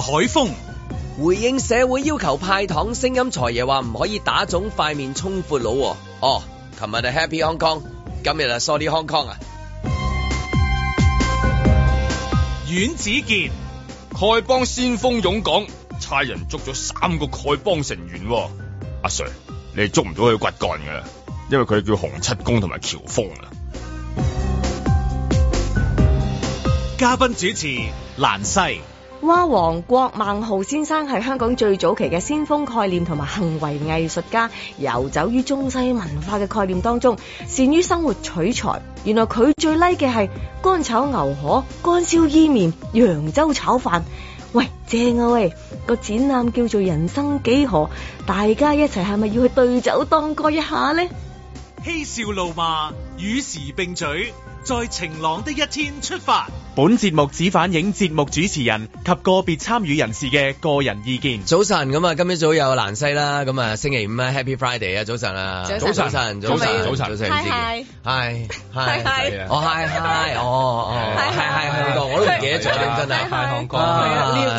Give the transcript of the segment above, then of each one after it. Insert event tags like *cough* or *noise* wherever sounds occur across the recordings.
海風回應社會要求派糖聲音，財爺話唔可以打腫塊面充闊佬。哦，琴日係 Happy Hong Kong，今日係 Sorry Hong Kong 啊。阮子健，丐幫先鋒勇講，差人捉咗三個丐幫成員。阿 Sir，你捉唔到佢骨幹㗎，因為佢叫洪七公同埋喬峰啊。嘉賓主持蘭西。蛙王郭孟浩先生係香港最早期嘅先鋒概念同埋行為藝術家，遊走於中西文化嘅概念當中，善於生活取材。原來佢最叻嘅係乾炒牛河、乾燒伊麵、揚州炒飯。喂，正啊喂！個展覽叫做《人生幾何》，大家一齊係咪要去對酒當歌一下呢？嬉笑怒罵，與時並舉。在晴朗的一天出發。本節目只反映節目主持人及個別參與人士嘅個人意見。早晨咁啊，今日早有蘭西啦。咁啊，星期五啊，Happy Friday 啊，早晨啊，早晨，早晨，早晨，早晨，早晨，嗨嗨、啊 oh, oh, oh. yeah, yeah,，我哦，係係係我都唔記得咗，真係康哥，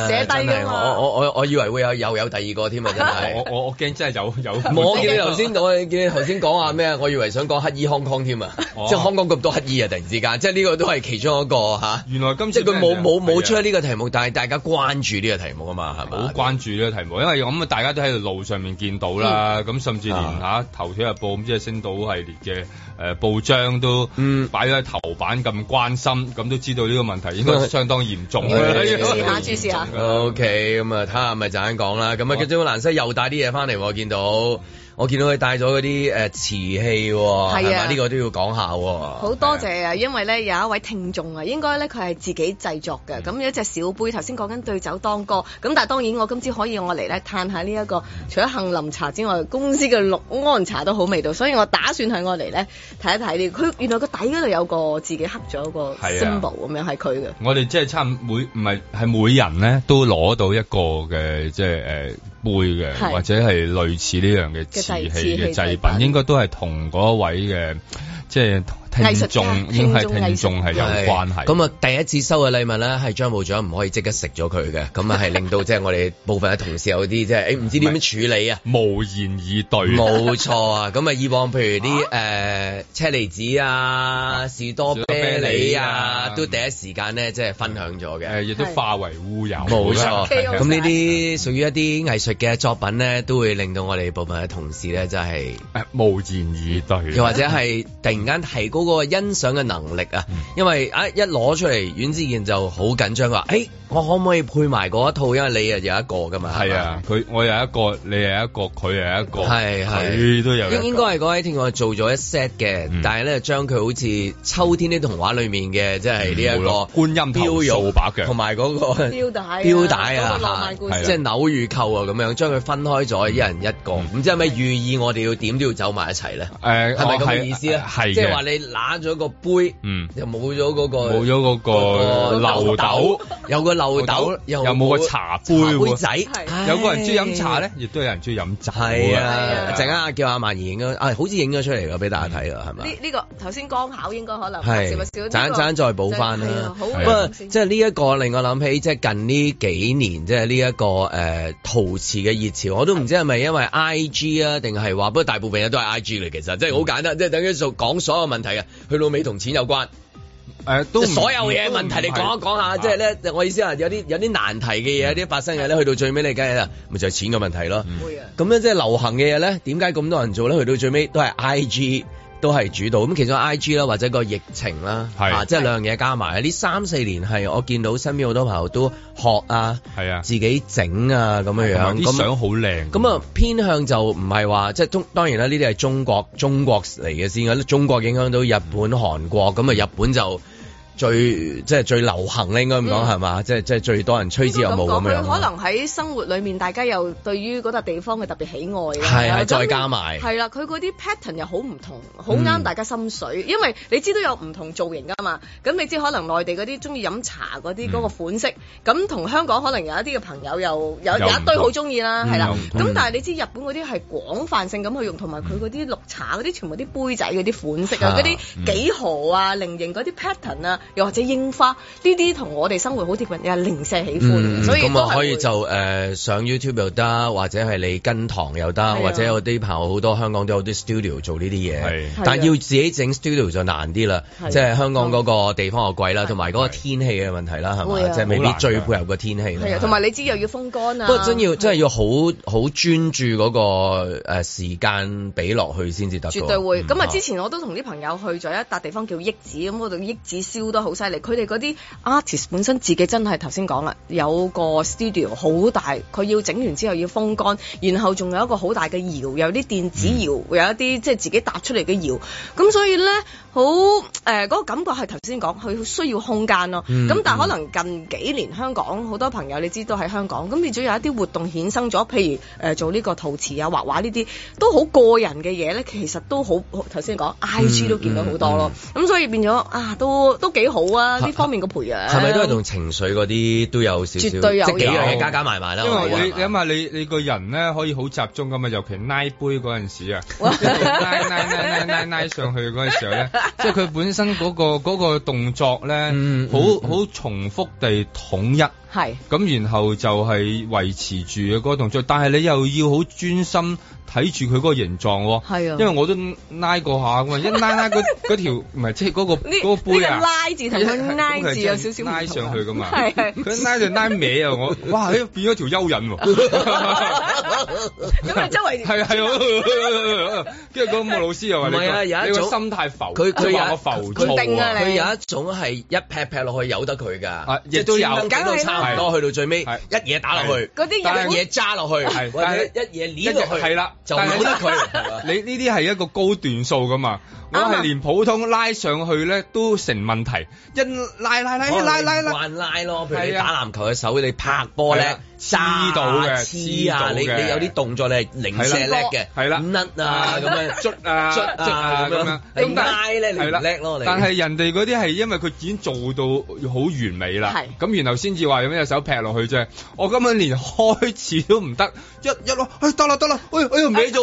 寫低我我我我以為會有又有第二個添啊，right, 真係，我我我驚真係有有。我見你頭先我見你頭先講下咩啊？我以為想講黑衣康康添啊，即係康康咁多黑衣啊之間，即係呢個都係其中一個嚇、啊。原來今次佢冇冇冇出呢個題目，但係大家關注呢個題目啊嘛，係嘛？好關注呢個題目，因為咁啊，大家都喺路上面見到啦，咁、嗯、甚至連嚇、啊啊、頭條日報咁即係星島系列嘅誒、呃、報章都擺咗喺頭版，咁關心，咁、嗯、都知道呢個問題應該相當嚴重。注 *laughs* 下，注視下。O K，咁啊，睇下咪就咁講啦。咁啊，張蘭西又帶啲嘢翻嚟，我見到。我見到佢帶咗嗰啲誒瓷器喎、哦，係呢、啊呢個都要講下、哦？好多謝啊，啊因為咧有一位聽眾啊，應該咧佢係自己製作嘅，咁、嗯、有一隻小杯頭先講緊對酒當歌，咁但係當然我今次可以我嚟咧嘆下呢一、個，除咗杏林茶之外，公司嘅綠安茶都好味道，所以我打算喺我嚟咧睇一睇呢。佢、這個、原來底個底嗰度有個自己刻咗個 symbol 咁樣係佢嘅。我哋即係差唔每唔係係每人呢都攞到一個嘅即係、呃杯嘅或者係類似呢樣嘅瓷器嘅製品，品，應該都係同嗰一位嘅即係。就是聽眾應該係聽眾係有關係。咁啊，第一次收嘅禮物咧，係張部長唔可以即刻食咗佢嘅，咁啊係令到即係我哋部分嘅同事有啲即係，誒唔知點樣處理啊？無言以對。冇錯啊！咁啊，以往譬如啲誒車厘子啊、士多啤梨啊，都第一時間咧即係分享咗嘅。誒亦都化為烏有。冇錯。咁呢啲屬於一啲藝術嘅作品咧，都會令到我哋部分嘅同事咧，就係誒無言以對。又或者係突然間提供。嗰個欣賞嘅能力啊，因為啊一攞出嚟，阮之健就好緊張，話：，誒、欸，我可唔可以配埋嗰一套？因為你又有一個㗎嘛，係啊，佢我有一個，你有一個，佢有一個，係都有一個。應應該係嗰位聽我做咗一 set 嘅、嗯，但係咧將佢好似《秋天的童話》裏面嘅，即係呢一個觀音標樣，同埋嗰個帶啊，即係、啊啊啊啊啊啊就是、扭與扣啊咁樣，將佢分開咗，一人一個。唔、嗯、知係咪寓意我哋要點都要走埋一齊咧？誒、呃，係咪咁嘅意思咧、啊？即係話你。揦咗個杯，嗯，又冇咗嗰個，冇咗嗰個漏斗，有個漏斗，又冇個茶杯茶杯仔，有個人中意飲茶咧，亦、哎、都有人中意飲茶，係啊！陣間、啊啊啊、叫阿曼兒影咗，好似影咗出嚟個俾大家睇㗎，係、嗯、咪？呢呢、這個頭先剛巧應該可能暫時咪少陣陣、這個、再補翻啦、就是啊啊。不過即係呢一個令我諗起，即係近呢幾年，即係呢一個誒、呃、陶瓷嘅熱潮，我都唔知係咪因為 I G 啊，定係話？不過大部分人都係 I G 嚟，其實、嗯、即係好簡單，即係等於就講所有問題。去到尾同錢有關，誒、呃、都所有嘢問題你講一講下，即係咧，我意思啊，有啲有啲難題嘅嘢、嗯，有啲發生嘅咧，去到最尾你梗係啦咪就係錢嘅問題咯？咁樣即係流行嘅嘢咧，點解咁多人做咧？去到最尾都係 I G。都係主導咁，其中 IG 啦，或者個疫情啦，係、啊、即係兩樣嘢加埋。呢三四年係我見到身邊好多朋友都學啊，係啊，啊，自己整啊咁樣樣，啲相好靚。咁啊，偏向就唔係話即係當當然啦，呢啲係中國中國嚟嘅先，中國影響到日本、嗯、韓國，咁啊日本就。嗯嗯最即係最流行咧、嗯，應該咁講係嘛？即係即係最多人吹之又冇咁樣。佢可能喺生活裏面，大家又對於嗰笪地方係特別喜愛。係係、啊，再加埋係啦。佢嗰啲 pattern 又好唔同，好啱大家心水。嗯、因為你知道都有唔同造型㗎嘛。咁你知可能內地嗰啲中意飲茶嗰啲嗰個款式，咁、嗯、同香港可能有一啲嘅朋友又有有，有一堆好中意啦，係啦、啊。咁、嗯啊、但係你知日本嗰啲係廣泛性咁去用，同埋佢嗰啲綠茶嗰啲全部啲杯仔嗰啲款式啊，嗰啲幾何啊、嗯、菱形嗰啲 pattern 啊。又或者櫻花呢啲同我哋生活好貼近，又係零舍喜歡，嗯、所以咁啊可以就誒、uh, 上 YouTube 又得，或者係你跟堂又得，或者有啲朋友好多香港都有啲 studio 做呢啲嘢，但係要自己整 studio 就難啲啦，即係、啊就是、香港嗰個地方又貴啦，同埋嗰個天氣嘅問題啦，係咪、啊？即係、啊就是、未必最配合個天氣。係啊，同埋、啊啊、你知又要風乾啊。不過真要、啊、真係要好好、嗯、專注嗰個誒時間俾落去先至得。絕對會。咁、嗯、啊，之前我都同啲朋友去咗一笪地方叫益子，咁嗰度益子燒多。好犀利！佢哋嗰啲 artist 本身自己真係頭先講啦，有個 studio 好大，佢要整完之後要風乾，然後仲有一個好大嘅搖，有啲電子搖，有一啲即係自己搭出嚟嘅搖，咁所以咧，好誒、呃那個感覺係頭先講佢需要空間咯。咁、嗯、但係可能近幾年、嗯、香港好多朋友，你知道喺香港，咁變咗有一啲活動衍生咗，譬如誒、呃、做呢個陶瓷啊、畫畫呢啲，都好個人嘅嘢咧。其實都好頭先講 IG 都見到好多咯。咁、嗯嗯嗯、所以變咗啊，都都幾。好啊！呢方面嘅培養係咪都係同情緒嗰啲都有少少，有即係幾樣嘢加加埋埋啦。因為你諗下，你你,你個人咧可以好集中噶嘛，尤其拉杯嗰陣時啊 *laughs* 拉拉拉拉拉拉上去嗰陣時候咧， *laughs* 即係佢本身嗰、那個嗰、那個、動作咧，好、嗯、好、嗯、重複地統一。係咁，然後就係維持住嗰個動作。但係你又要好專心睇住佢嗰個形狀喎、哦。係啊，因為我都拉過下嘛，咁啊一拉拉嗰嗰條，唔係即係嗰個嗰個杯啊，拉字同拉字有少少、啊啊、拉上去噶嘛。佢、啊啊、拉就拉歪、哎、 *laughs* *laughs* *laughs* *laughs* 啊！我哇，變咗條蚯蚓。咁啊，周圍係係，跟住嗰五個老師又話你、啊有一，你個心態浮，佢佢話我浮定啊。佢有一種係一劈劈落去由得佢噶，亦都有。係多去 *noise* 到最尾，一嘢打落去，嗰啲嘢揸落去，或者一嘢捏落去，係啦，就冇得佢。 *laughs* 係啦。你呢啲係一個高段數噶嘛？我係連普通拉上去咧都成問題，一拉拉拉拉拉拉，彎拉咯。譬如你打籃球嘅手，你拍波咧，揸到嘅，黐啊！你你有啲動作，你係零舍叻嘅，係啦，咁甩啊，咁樣捽啊，捽啊咁樣。咁拉咧，係啦，叻咯你。但係人哋嗰啲係因為佢已經做到好完美啦，咁然後先至話有咩手劈落去啫。我根本連開始都唔得，一一落，哎得啦得啦，哎哎呀歪咗。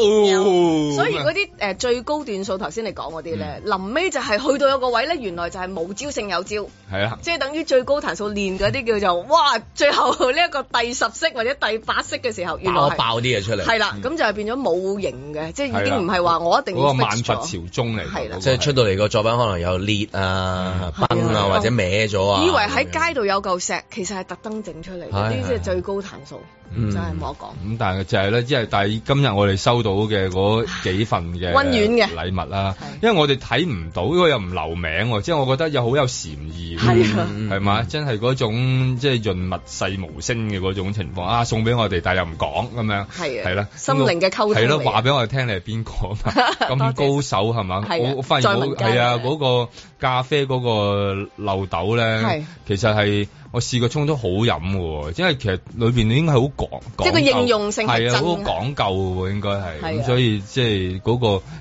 所以嗰啲誒最高段數，頭先你講。我哋咧，臨尾就係去到有個位咧，原來就係冇招勝有招，係啊，即係等於最高彈數練嗰啲叫做哇，最後呢一個第十式或者第八式嘅時候原來，原爆爆啲嘢出嚟，係啦、啊，咁、嗯、就係變咗冇型嘅、啊，即係已經唔係話我一定嗰、嗰個萬佛朝宗嚟，係啦，即係出到嚟個作品可能有裂啊、崩啊，啊，啊，啊或者歪咗啊，啊，啊，以為喺街度有嚿石，其實係特登整出嚟嗰啲即係最高彈數。真係唔好講咁，但係就係、是、咧，因為但係今日我哋收到嘅嗰幾份嘅溫暖嘅禮物啦，因為我哋睇唔到，因為又唔留名、啊，喎。即係我覺得又好有善意，係啊，係嘛、嗯，真係嗰種即係潤物細無聲嘅嗰種情況啊，送俾我哋，但又唔講咁樣，係啊，心靈嘅溝通，係咯，話俾我哋聽你係邊個嘛？咁 *laughs* 高手係嘛？ *laughs* 我發現我，係啊，嗰、嗰個咖啡嗰個漏斗咧，其實係。我試過沖都好飲嘅喎，因為其實裏邊你應該係好講究，即係個應用性係啊，好講究嘅喎，應該係咁，所以即係嗰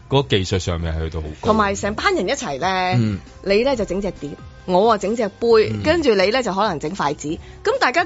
個嗰技術上面係去到好。同埋成班人一齊咧、嗯，你咧就整隻碟，我啊整隻杯，跟、嗯、住你咧就可能整筷子，咁大家。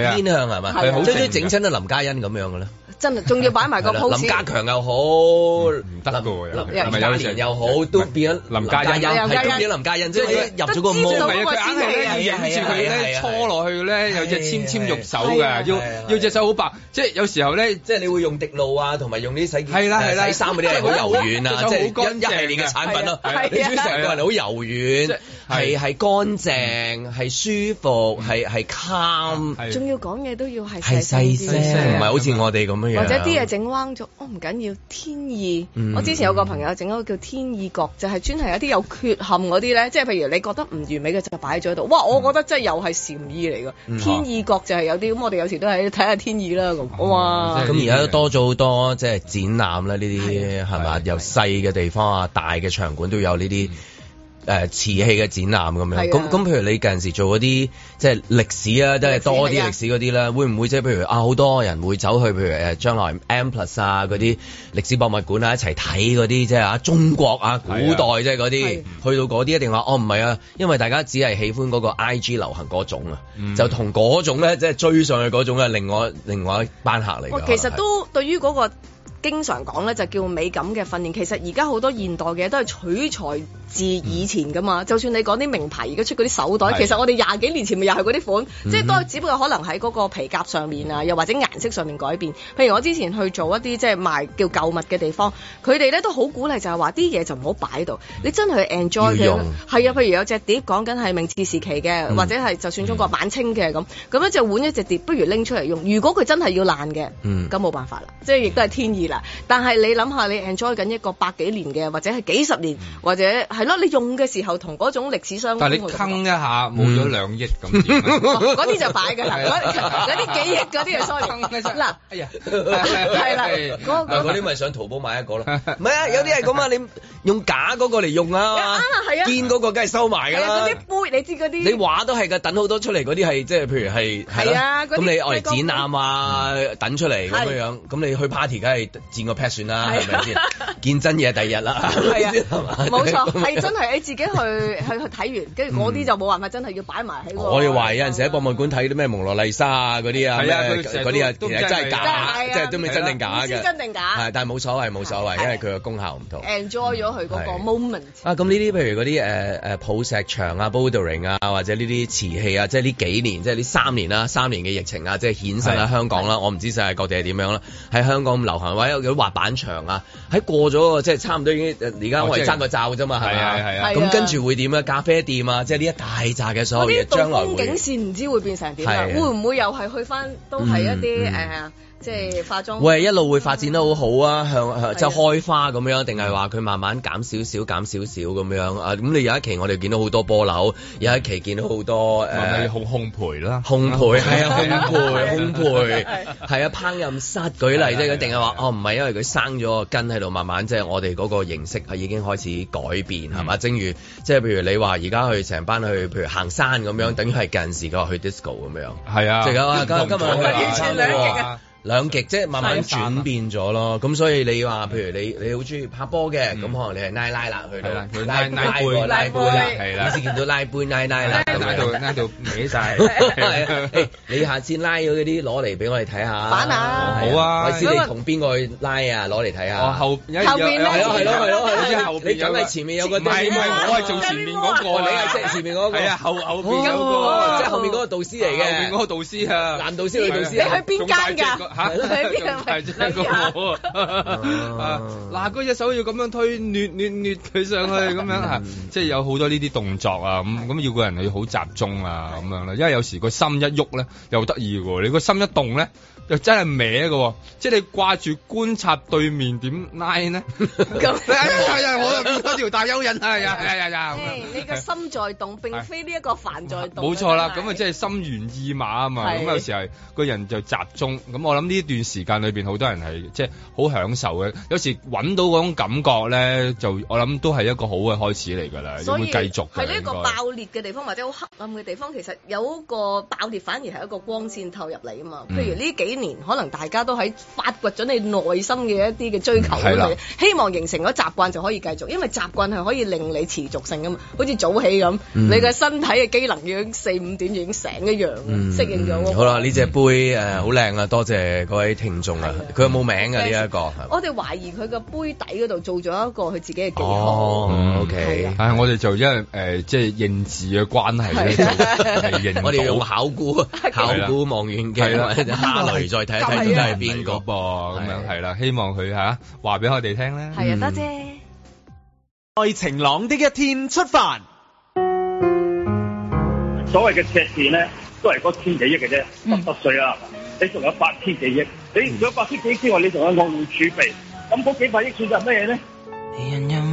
偏向係嘛？將將整親得林嘉欣咁樣嘅咧，真係啊！仲、啊、要擺埋個 pose 林家強又好唔得嘅喎，林家強又好都變咗林嘉欣，又變林嘉欣，即係入咗個 mould 佢硬係要影住佢咧，搓落去咧有隻纖纖玉手嘅、啊啊，要要隻手好白。即係有時候咧，即係你會用滴露啊，同埋用啲洗潔係啦係啦、洗衫嗰啲係好柔軟啊，即係一一系列嘅產品咯。你中意成個人好柔軟。係係乾淨，係舒服，係係襟，仲要講嘢都要係細聲，唔係好似我哋咁樣樣，或者啲嘢整彎咗，哦唔緊要，天意、嗯。我之前有個朋友整個叫天意角，就係專係一啲有缺陷嗰啲咧，即係譬如你覺得唔完美嘅就擺咗喺度。哇，我覺得真係又係禪意嚟噶，天意角就係有啲咁，我哋有時都係睇下天意啦，咁咁而家都多咗好多即係展覽啦，呢啲係咪？又細嘅地方啊，大嘅場館都有呢啲。誒、呃、瓷器嘅展覽咁樣，咁咁、啊、譬如你近陣時做嗰啲即係歷史，都歷史啊，會會啊，即係多啲歷史嗰啲啦，會唔會即係譬如啊，好多人會走去譬如誒、啊、將來 M+ 啊嗰啲歷史博物館啊一齊睇嗰啲即係啊中國啊，啊古代即係嗰啲，啊、去到嗰啲一定話哦唔係啊，因為大家只係喜歡嗰個 IG 流行嗰種啊，嗯、就同嗰種咧即係追上去嗰種咧，另外另外一班客嚟其實都對於嗰個經常講咧就叫美感嘅訓練，其實而家好多現代嘅嘢都係取材。自以前㗎嘛、嗯，就算你講啲名牌而家出嗰啲手袋，其實我哋廿幾年前咪又係嗰啲款，即係都只不過可能喺嗰個皮夾上面啊，又或者顏色上面改變。譬如我之前去做一啲即係賣叫舊物嘅地方，佢哋咧都好鼓勵就，就係話啲嘢就唔好擺喺度，你真係去 enjoy 佢。用係啊，譬如有隻碟講緊係明治時期嘅、嗯，或者係就算中國晚清嘅咁，咁、嗯、就換一隻碟，不如拎出嚟用。如果佢真係要爛嘅，嗯，咁冇辦法啦，即係亦都係天意啦。但係你諗下，你 enjoy 緊一個百幾年嘅，或者係幾十年，或者。係咯，你用嘅時候同嗰種歷史相關，但你坑一下冇咗兩億咁、mm. 哦，嗰啲就擺㗎啦。嗰 *laughs* 啲、啊、幾億嗰啲就衰。嗱、 *laughs* *laughs* 哎呀，係 *laughs* 啦、啊，嗰嗰啲咪上淘寶買一個咯。唔 *laughs* 係啊，有啲係咁啊，你用假嗰個嚟用啊， *laughs* 啊啊見嗰個梗係收埋㗎啦。啲、啊、杯你知啲，你話都係㗎，等好多出嚟嗰啲係即係譬如係，啊，咁你愛嚟展覽啊，那個嗯、等出嚟咁樣咁、啊、你去 party 梗係佔個 pass 算啦，係咪先？見真嘢第二日啦，係啊，冇錯、啊。你 *laughs* 真係你自己去去去睇完，跟住嗰啲就冇辦法，嗯、真係要擺埋喺個。我要話有陣時喺博物館睇啲咩蒙羅麗莎啊嗰啲啊，嗰啲啊都實、啊、真係假，都未知定假嘅。唔知真定假？就是啊真假啊真假啊、但係冇所謂，冇所謂，啊、因為佢嘅功效唔同。Enjoy 咗佢嗰個 moment、啊。啊，咁呢啲譬如嗰啲誒誒普石牆啊、bouldering 啊，或者呢啲瓷器啊，即係呢幾年即係呢三年啦，三年嘅疫情啊，即係衍生喺香港啦、啊啊。我唔知世界各地係點樣啦，喺香港咁流行，啊、或者滑板場啊，喺過咗即係差唔多已經，嗯、而家我哋爭個罩啫嘛。係啊係啊，咁、啊啊啊、跟住會點啊？咖啡店啊，即係呢一大扎嘅所有嘢，將來會，呢道風景線唔知會變成點啊？會唔會又係去翻都係一啲誒。嗯嗯呃即係化妝，會一路會發展得好好啊，嗯、向即係、就是、開花咁樣，定係話佢慢慢減少少、減少少咁樣啊？咁你有一期我哋見到好多波樓，有一期見到好多誒烘焙啦，烘焙係啊，烘焙烘焙係啊，烹飪室舉例即係佢定係話哦，唔係、啊、因為佢生咗個根喺度，慢慢即係、就是、我哋嗰個形式已經開始改變係嘛？正如即係譬如你話而家去成班去，譬如行山咁樣、嗯，等於係近時個去 disco 咁樣，係啊，仲有今日啊！啊兩極即係慢慢轉變咗咯，咁所以你話，譬如你你好中意拍波嘅，咁可能你係拉拉啦，去到拉拉背拉背係啦，以前見到拉背拉拉啦，咁拉到拉到歪晒。你下次拉咗嗰啲攞嚟俾我哋睇下。玩下。好啊，我知你同邊個去拉啊？攞嚟睇下。哦後後邊啊。係咯係咯係咯係咯。你你準備前面有個？唔係我係做前面嗰個，你係即係前面嗰個。係啊後後邊有個，即係後面嗰個導師嚟嘅。後面嗰個導師啊。男導師女導師啊。你去邊間噶？嚇，係真係一個好啊， *laughs* 啊！嗱，嗰隻手要咁樣推，捋捋捋佢上去咁樣。吓，即係有好多呢啲動作啊，咁咁要個人要好集中啊，咁樣啦，因為有時個心一喐咧，又得意喎，你個心一動咧。又真係歪嘅，即係你掛住觀察對面點拉呢？係啊！我又變條大蚯蚓啊！呀呀呀，你你個心在動，並非呢一個幡在動。冇 *laughs* 錯啦，咁啊即係心猿意馬啊嘛！咁 *laughs* 有時係個人就集中。咁我諗呢段時間裏邊好多人係即係好享受嘅。有時揾到嗰種感覺咧，就我諗都係一個好嘅開始嚟㗎啦，會繼續喺係呢個爆裂嘅地方，或者好黑暗嘅地方，其實有個個爆裂，反而係一個光線透入嚟啊嘛、嗯。譬如呢幾。年可能大家都喺發掘咗你內心嘅一啲嘅追求，希望形成咗習慣就可以繼續，因為習慣係可以令你持續性噶嘛。好似早起咁，你嘅身體嘅機能已經四五點已經醒一樣適應咗。好啦，呢隻杯誒好靚啊，多謝各位聽眾啊。佢冇名噶呢一個，我哋懷疑佢個杯底嗰度做咗一個佢自己嘅記號。哦，OK，啊，我哋做因為誒即係認字嘅關係咧，我哋要考古，考古望遠鏡，下嚟。再睇一睇都係邊個噃，咁樣係啦，希望佢吓話俾我哋聽咧。係啊，多謝。在晴朗的一天出發。嗯、所謂嘅赤字咧，都係嗰千幾億嘅啫，十十稅啦，你仲有八千幾億，你除咗八千幾億之外，你仲有國庫儲備，咁嗰幾百億算係咩嘢咧？人人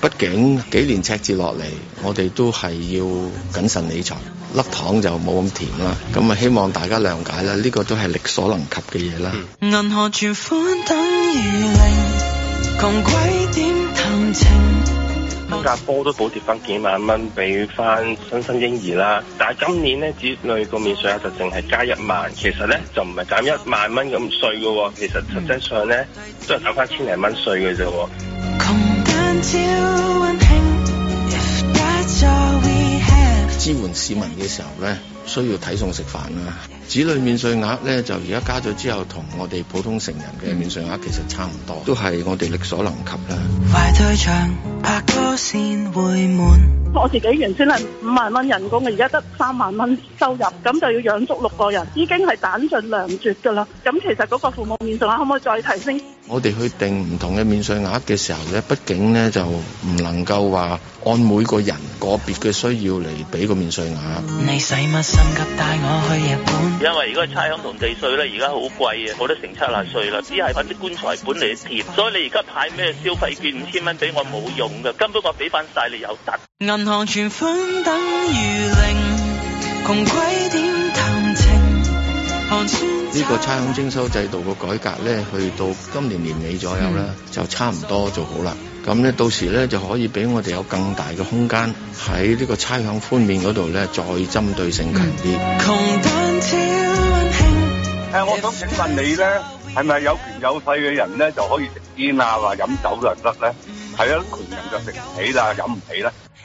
畢竟幾年赤字落嚟，我哋都係要謹慎理財，粒糖就冇咁甜啦。咁啊，希望大家諒解啦，呢個都係力所能及嘅嘢啦。銀行存款等於零，窮鬼點談情？新加坡都補貼翻幾萬蚊俾翻新生嬰兒啦，但係今年咧子女個免稅額就淨係加一萬，其實咧就唔係減一萬蚊咁稅㗎喎，其實實際上咧都係減翻千零蚊稅嘅啫喎。支援市民嘅時候咧，需要睇餸食飯啦。子女免稅額咧就而家加咗之後，同我哋普通成人嘅免稅額其實差唔多，都係我哋力所能及啦。懷對仗拍歌先會滿。我自己原先係五萬蚊人工嘅，而家得三萬蚊收入，咁就要養足六個人，已經係彈盡糧絕噶啦。咁其實嗰個父母免稅額可唔可以再提升？我哋去定唔同嘅免稅額嘅時候咧，畢竟咧就唔能夠話按每個人個別嘅需要嚟俾個免稅額。你使乜心急帶我去日本？因為如果係差餉同地稅咧，而家好貴啊，我都成七十歲啦，只係揾啲棺材本嚟貼。所以你而家派咩消費券五千蚊俾我冇用噶，根本我俾翻晒你有突。銀行存款等於零，窮鬼點談情。呢個差餉徵收制度嘅改革咧，去到今年年尾左右啦，嗯，就差唔多做好啦。咁咧，到時咧就可以俾我哋有更大嘅空間喺呢個差餉寬免嗰度咧，再針對性強啲。窮膽挑溫馨。誒、呃，我想請問你咧，係咪有權有勢嘅人咧就可以食煙啊，話飲酒就得咧？係啊，窮人就食唔起啦，飲唔起咧？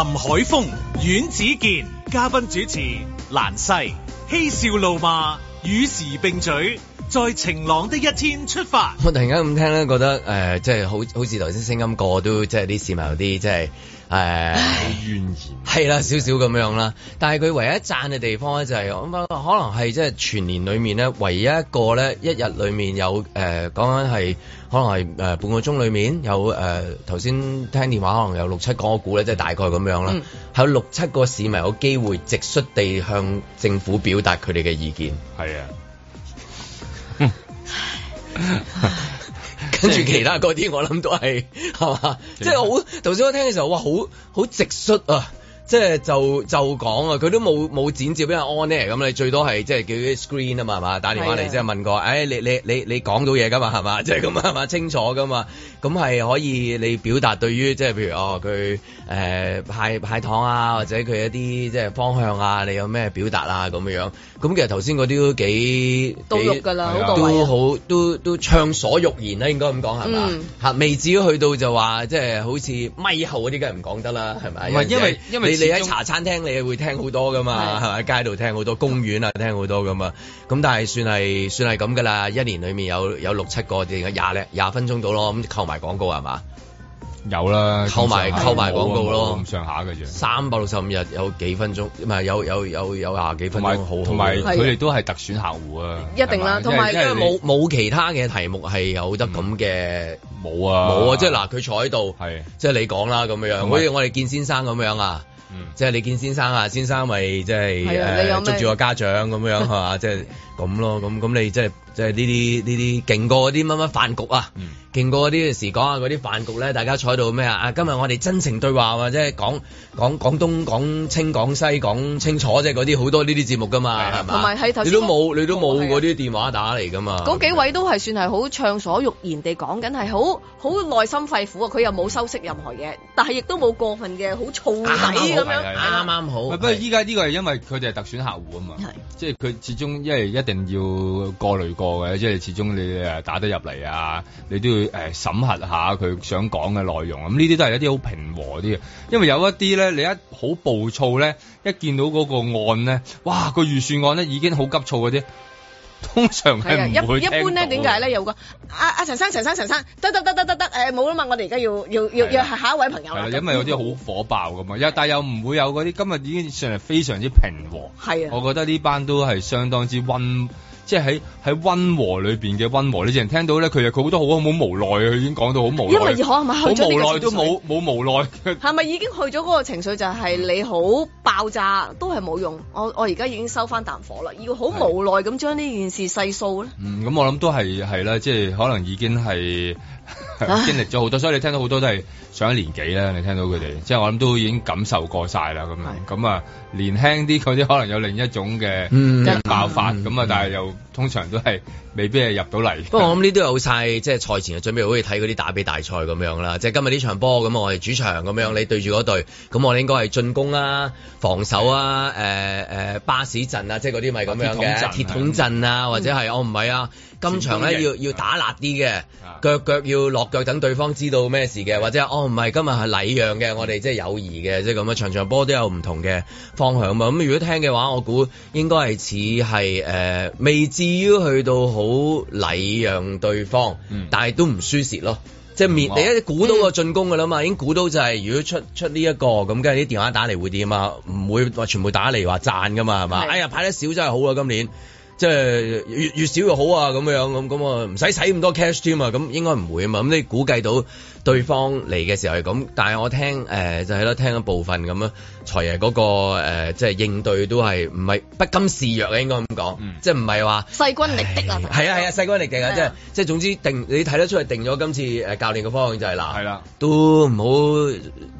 林海峰、阮子健，嘉賓主持蘭西，嬉笑怒罵，與時並舉，在晴朗的一天出發。我突然間咁聽咧，覺得誒，即係好好似頭先聲音過都，即係啲市民有啲即係。就是誒、嗯，怨係啦，少少咁樣啦。但係佢唯一讚嘅地方咧、就是，就係我諗可能係即係全年裏面咧，唯一一個咧，一日裏面有誒講緊係可能係誒、呃、半個鐘裏面有誒頭先聽電話，可能有六七個股咧，即、就是、大概咁樣啦。係、嗯、六七個市民有機會直率地向政府表達佢哋嘅意見。係啊。 *laughs* *laughs* 跟住其他嗰啲，我諗都係係嘛，即係好。頭先我聽嘅時候，哇，好好直率啊！即係就就講啊，佢都冇冇剪接俾人 on，咁你最多係即係叫 screen 啊嘛，係嘛？打電話嚟即係問過，誒你你你你講到嘢噶嘛，係嘛？即係咁啊嘛，清楚噶嘛？咁係可以你表達對於即係譬如哦，佢誒派派糖啊，或者佢一啲即係方向啊，你有咩表達啊咁樣。咁其實頭先嗰啲都幾多嘅啦，都好都都暢所欲言啦，應該咁講係嘛？嗯，未至於去到就話即係好似咪後嗰啲梗係唔講得啦，係咪？因為因為，因為你你喺茶餐廳你會聽好多噶嘛，係咪？喺街度聽好多，公園啊聽好多噶嘛。咁但係算係算係咁噶啦，一年裏面有有六七個定廿咧廿分鐘到咯，咁扣埋廣告係嘛？有啦，扣埋扣埋廣告咯，咁上下嘅啫，三百六十五日有幾分鐘，唔係有有有有廿幾分鐘好，同埋佢哋都係特選客戶啊，一定啦，同埋冇冇其他嘅題目係有得咁嘅，冇、嗯、啊，冇啊，即係嗱佢坐喺度，係即係你講啦咁樣樣，好似、就是、我哋見先生咁樣啊，即、嗯、係、就是、你見先生啊，先生咪即係誒捉住個家長咁 *laughs* 樣啊。即係咁咯，咁咁你即係。就是即係呢啲呢啲勁過嗰啲乜乜飯局啊，勁過嗰啲時講下嗰啲飯局咧，大家坐喺度咩啊？啊，今日我哋真情對話或者係講講廣東講清廣西講清楚，即係嗰啲好多呢啲節目㗎嘛，係嘛？同埋係特，你都冇你都冇嗰啲電話打嚟㗎嘛？嗰幾位都係算係好暢所欲言地講緊，係好好內心肺腑啊！佢又冇收息任何嘢，但係亦都冇過分嘅好燥底咁樣，啱啱好。不過依家呢個係因為佢哋係特選客戶啊嘛，係即係佢始終因為一定要過濾過。即係始終你誒打得入嚟啊，你都要誒審核一下佢想講嘅內容。咁呢啲都係一啲好平和啲嘅，因為有一啲咧，你一好暴躁咧，一見到嗰個案咧，哇，個預算案咧已經好急躁嗰啲，通常係唔會一。一般咧，點解咧？有個啊阿、啊、陳生、陳生、陳生，得得得得得得，誒冇啦嘛，我哋而家要要要要下一位朋友。係，因為有啲好火爆噶嘛，但係又唔會有嗰啲今日已經算係非常之平和。係啊，我覺得呢班都係相當之温。即係喺喺溫和裏邊嘅溫和，你只能聽到咧，佢又佢好多好好無奈啊，佢已經講到好無奈，因為可能係好無奈都冇冇無奈？係咪已經去咗嗰個情緒？是是情緒就係你好爆炸都係冇用。我我而家已經收翻啖火啦，要好無奈咁將呢件事細數咧。嗯，咁我諗都係係啦，即係可能已經係。經歷咗好多，所以你聽到好多都係上一年幾啦，你聽到佢哋，即係我諗都已經感受過晒啦。咁樣，咁啊年輕啲嗰啲可能有另一種嘅爆發，咁、嗯、啊、就是嗯嗯，但係又通常都係未必係入到嚟。不過我諗呢啲都有晒，即係賽前嘅準備，好似睇嗰啲打比大賽咁樣啦。即係今日呢場波咁，我哋主場咁樣，你對住嗰隊，咁我哋應該係進攻啦、啊、防守啊、誒、呃、誒、呃、巴士陣啊，即係嗰啲咪咁樣嘅鐵桶陣啊，或者係我唔係啊。今場咧要要打辣啲嘅，腳腳要落腳等對方知道咩事嘅，或者哦唔係今日係禮讓嘅，我哋即係友誼嘅，即係咁樣。場場波都有唔同嘅方向嘛。咁如果聽嘅話，我估應該係似係誒未至於去到好禮讓對方，嗯、但係都唔輸蝕咯。即係滅、嗯、你，一估到個進攻㗎啦嘛，已經估到就係、是、如果出出呢、這、一個咁，梗係啲電話打嚟會點啊？唔會話全部打嚟話讚噶嘛係嘛？哎呀，排得少真係好啊今年。即係越越少越好啊！咁樣咁咁啊，唔使使咁多 cash 添啊！咁應該唔會啊嘛！咁你估計到？對方嚟嘅時候係咁，但係我聽誒、呃、就係咯，聽一部分咁樣。財爺嗰個誒即係應對都係唔係不甘示弱嘅、嗯、啊，應該咁講，即係唔係話勢均力敵啊？係呀，係啊，勢均力敵啊！即係即係總之定你睇得出嚟定咗今次教練嘅方向就係、是、嗱、啊，都唔好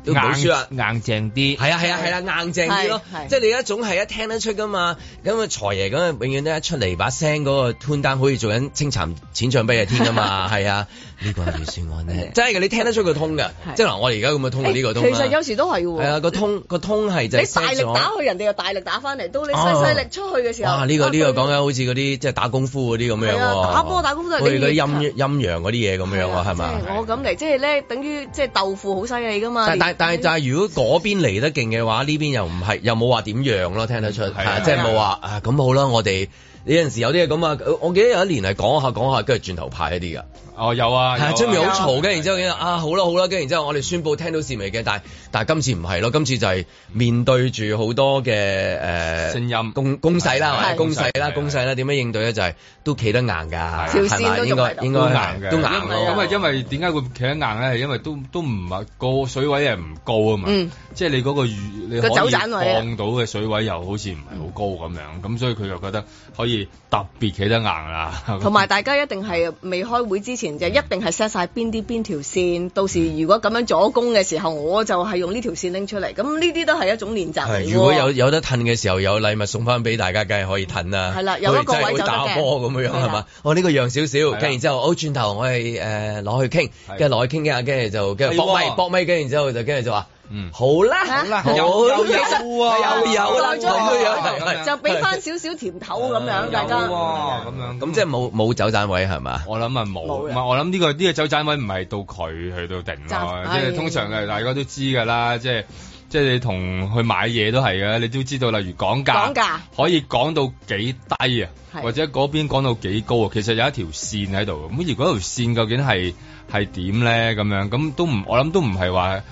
都唔好輸啊，硬淨啲係呀，係呀，係啊，啊，啊，硬淨啲囉。即係你一總係一聽得出㗎嘛，咁樣財爺咁永遠都一出嚟把聲嗰個 turn down 可以做緊清塵淺唱畀啊天㗎嘛，係 *laughs* 啊，這個、呢個預算案咧， *laughs* 嗯聽得出佢通嘅，即係嗱，我哋而家咁樣通嘅呢個通、欸。其實有時都係嘅喎。係啊，個通個通係即係。你大力打去，人哋又大力打翻嚟。到你細細力出去嘅時候。啊，呢、這個呢、啊這個講緊好似嗰啲即係打功夫嗰啲咁樣。啊、打波打功夫都係。陰陰陽啊就是、我哋嗰陰陰陽嗰啲嘢咁樣係咪？我咁嚟，即係咧，等於即係豆腐好犀利噶嘛。但但但係就係如果嗰邊嚟得勁嘅話，呢邊又唔係又冇話點樣咯，聽得出即係冇話啊咁、啊啊就是啊啊、好啦，我哋呢陣時有啲係咁啊，我記得有一年係講下講下，跟住轉頭派一啲噶。哦，有啊，係啊出面好嘈嘅，然之後，然後，然後啊，好啦、啊、好啦、啊，跟住然之後，後我哋宣布聽到示威嘅，但但係今次唔係咯，今次就係面對住好多嘅誒，信任攻攻勢啦，係咪？攻勢啦，攻勢啦，點樣應對咧？就係、是、都企得硬㗎，韓線都仲硬，都硬㗎。咁啊，因為點解會企得硬咧？係因為都都唔係高水位，係唔高啊嘛。嗯。即、就、係、是、你嗰個你可以放到嘅水、嗯、水位又好似唔係好高咁樣，咁、嗯、所以佢就覺得可以特別企得硬啦。同 *laughs* 埋大家一定係未開會之前。就一定係 set 曬邊啲邊條線，到時如果咁樣左工嘅時候，我就係用呢條線拎出嚟。咁呢啲都係一種練習。如果有有得騰嘅時候，有禮物送翻俾大家，梗係可以騰啦、啊。係啦，有一個位打波嘅。我呢、哦呢個讓少少，跟住之後，哦轉頭我係誒攞去傾，跟住攞去傾傾下，跟住就跟住搏咪搏咪，跟住之後就跟住就話。嗯，好啦，啦、啊，有有，有，有啊，有、啊、有，就俾翻少少甜頭咁樣，大家咁樣，咁即係冇冇走盞位係嘛？我諗啊冇，唔係我諗呢、呢個呢、呢個走盞位唔係到佢去到定喎，即係、即係、通常啦，大家都知㗎啦，即係即係你同去買嘢都係嘅，你都知道，例如講價，價，講價可以講到幾低啊，或者嗰邊講到幾高啊，其實有一條線喺度咁，而嗰條線究竟係？係點咧？咁樣咁都唔，我諗都唔係話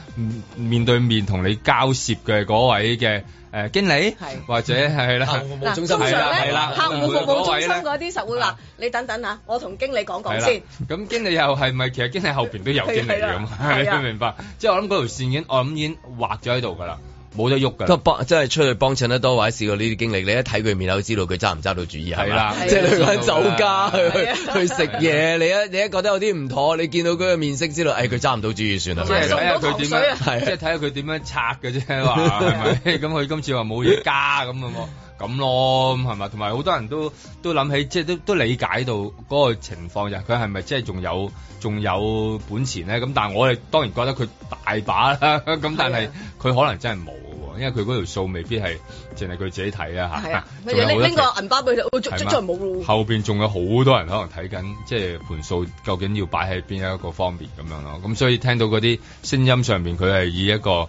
面對面同你交涉嘅嗰位嘅誒、呃、經理，是或者係咧， *laughs* 是啦服務中心係啦，啦，客戶服務中心嗰啲實會話、啊、你等等嚇、啊，我同經理講講先。咁經理又係咪其實經理後邊都有經理咁？你、 *laughs* 啊啊 *laughs* 是啊、 *laughs* 明白？即係我諗嗰條線已經我諗已經畫咗喺度㗎啦。冇得喐㗎，幫即係出去幫襯得多或者試過呢啲經歷，你一睇佢面口知道佢揸唔揸到主意係嘛？係啦，即係去酒家去去食嘢，你一你一覺得有啲唔妥，你見到佢嘅面色知道，唉，佢揸唔到主意算啦。睇下佢點樣，即係睇下佢點樣拆嘅啫，係咪？咁佢今次話冇嘢加咁 *laughs* 樣喎，咁咯，係咪？同埋好多人都都諗起，即係都都理解到嗰個情況就，佢係咪即係仲有仲有本錢咧？咁但係我哋當然覺得佢大把啦，咁但係佢可能真係冇。因為佢嗰條數未必係淨係佢自己睇啊，吓、啊、嚇，就拎個銀包俾佢，再再冇。後邊仲有好多人可能睇緊，即係盤數究竟要擺喺邊一個方面咁樣咯。咁所以聽到嗰啲聲音上邊，佢係以一個。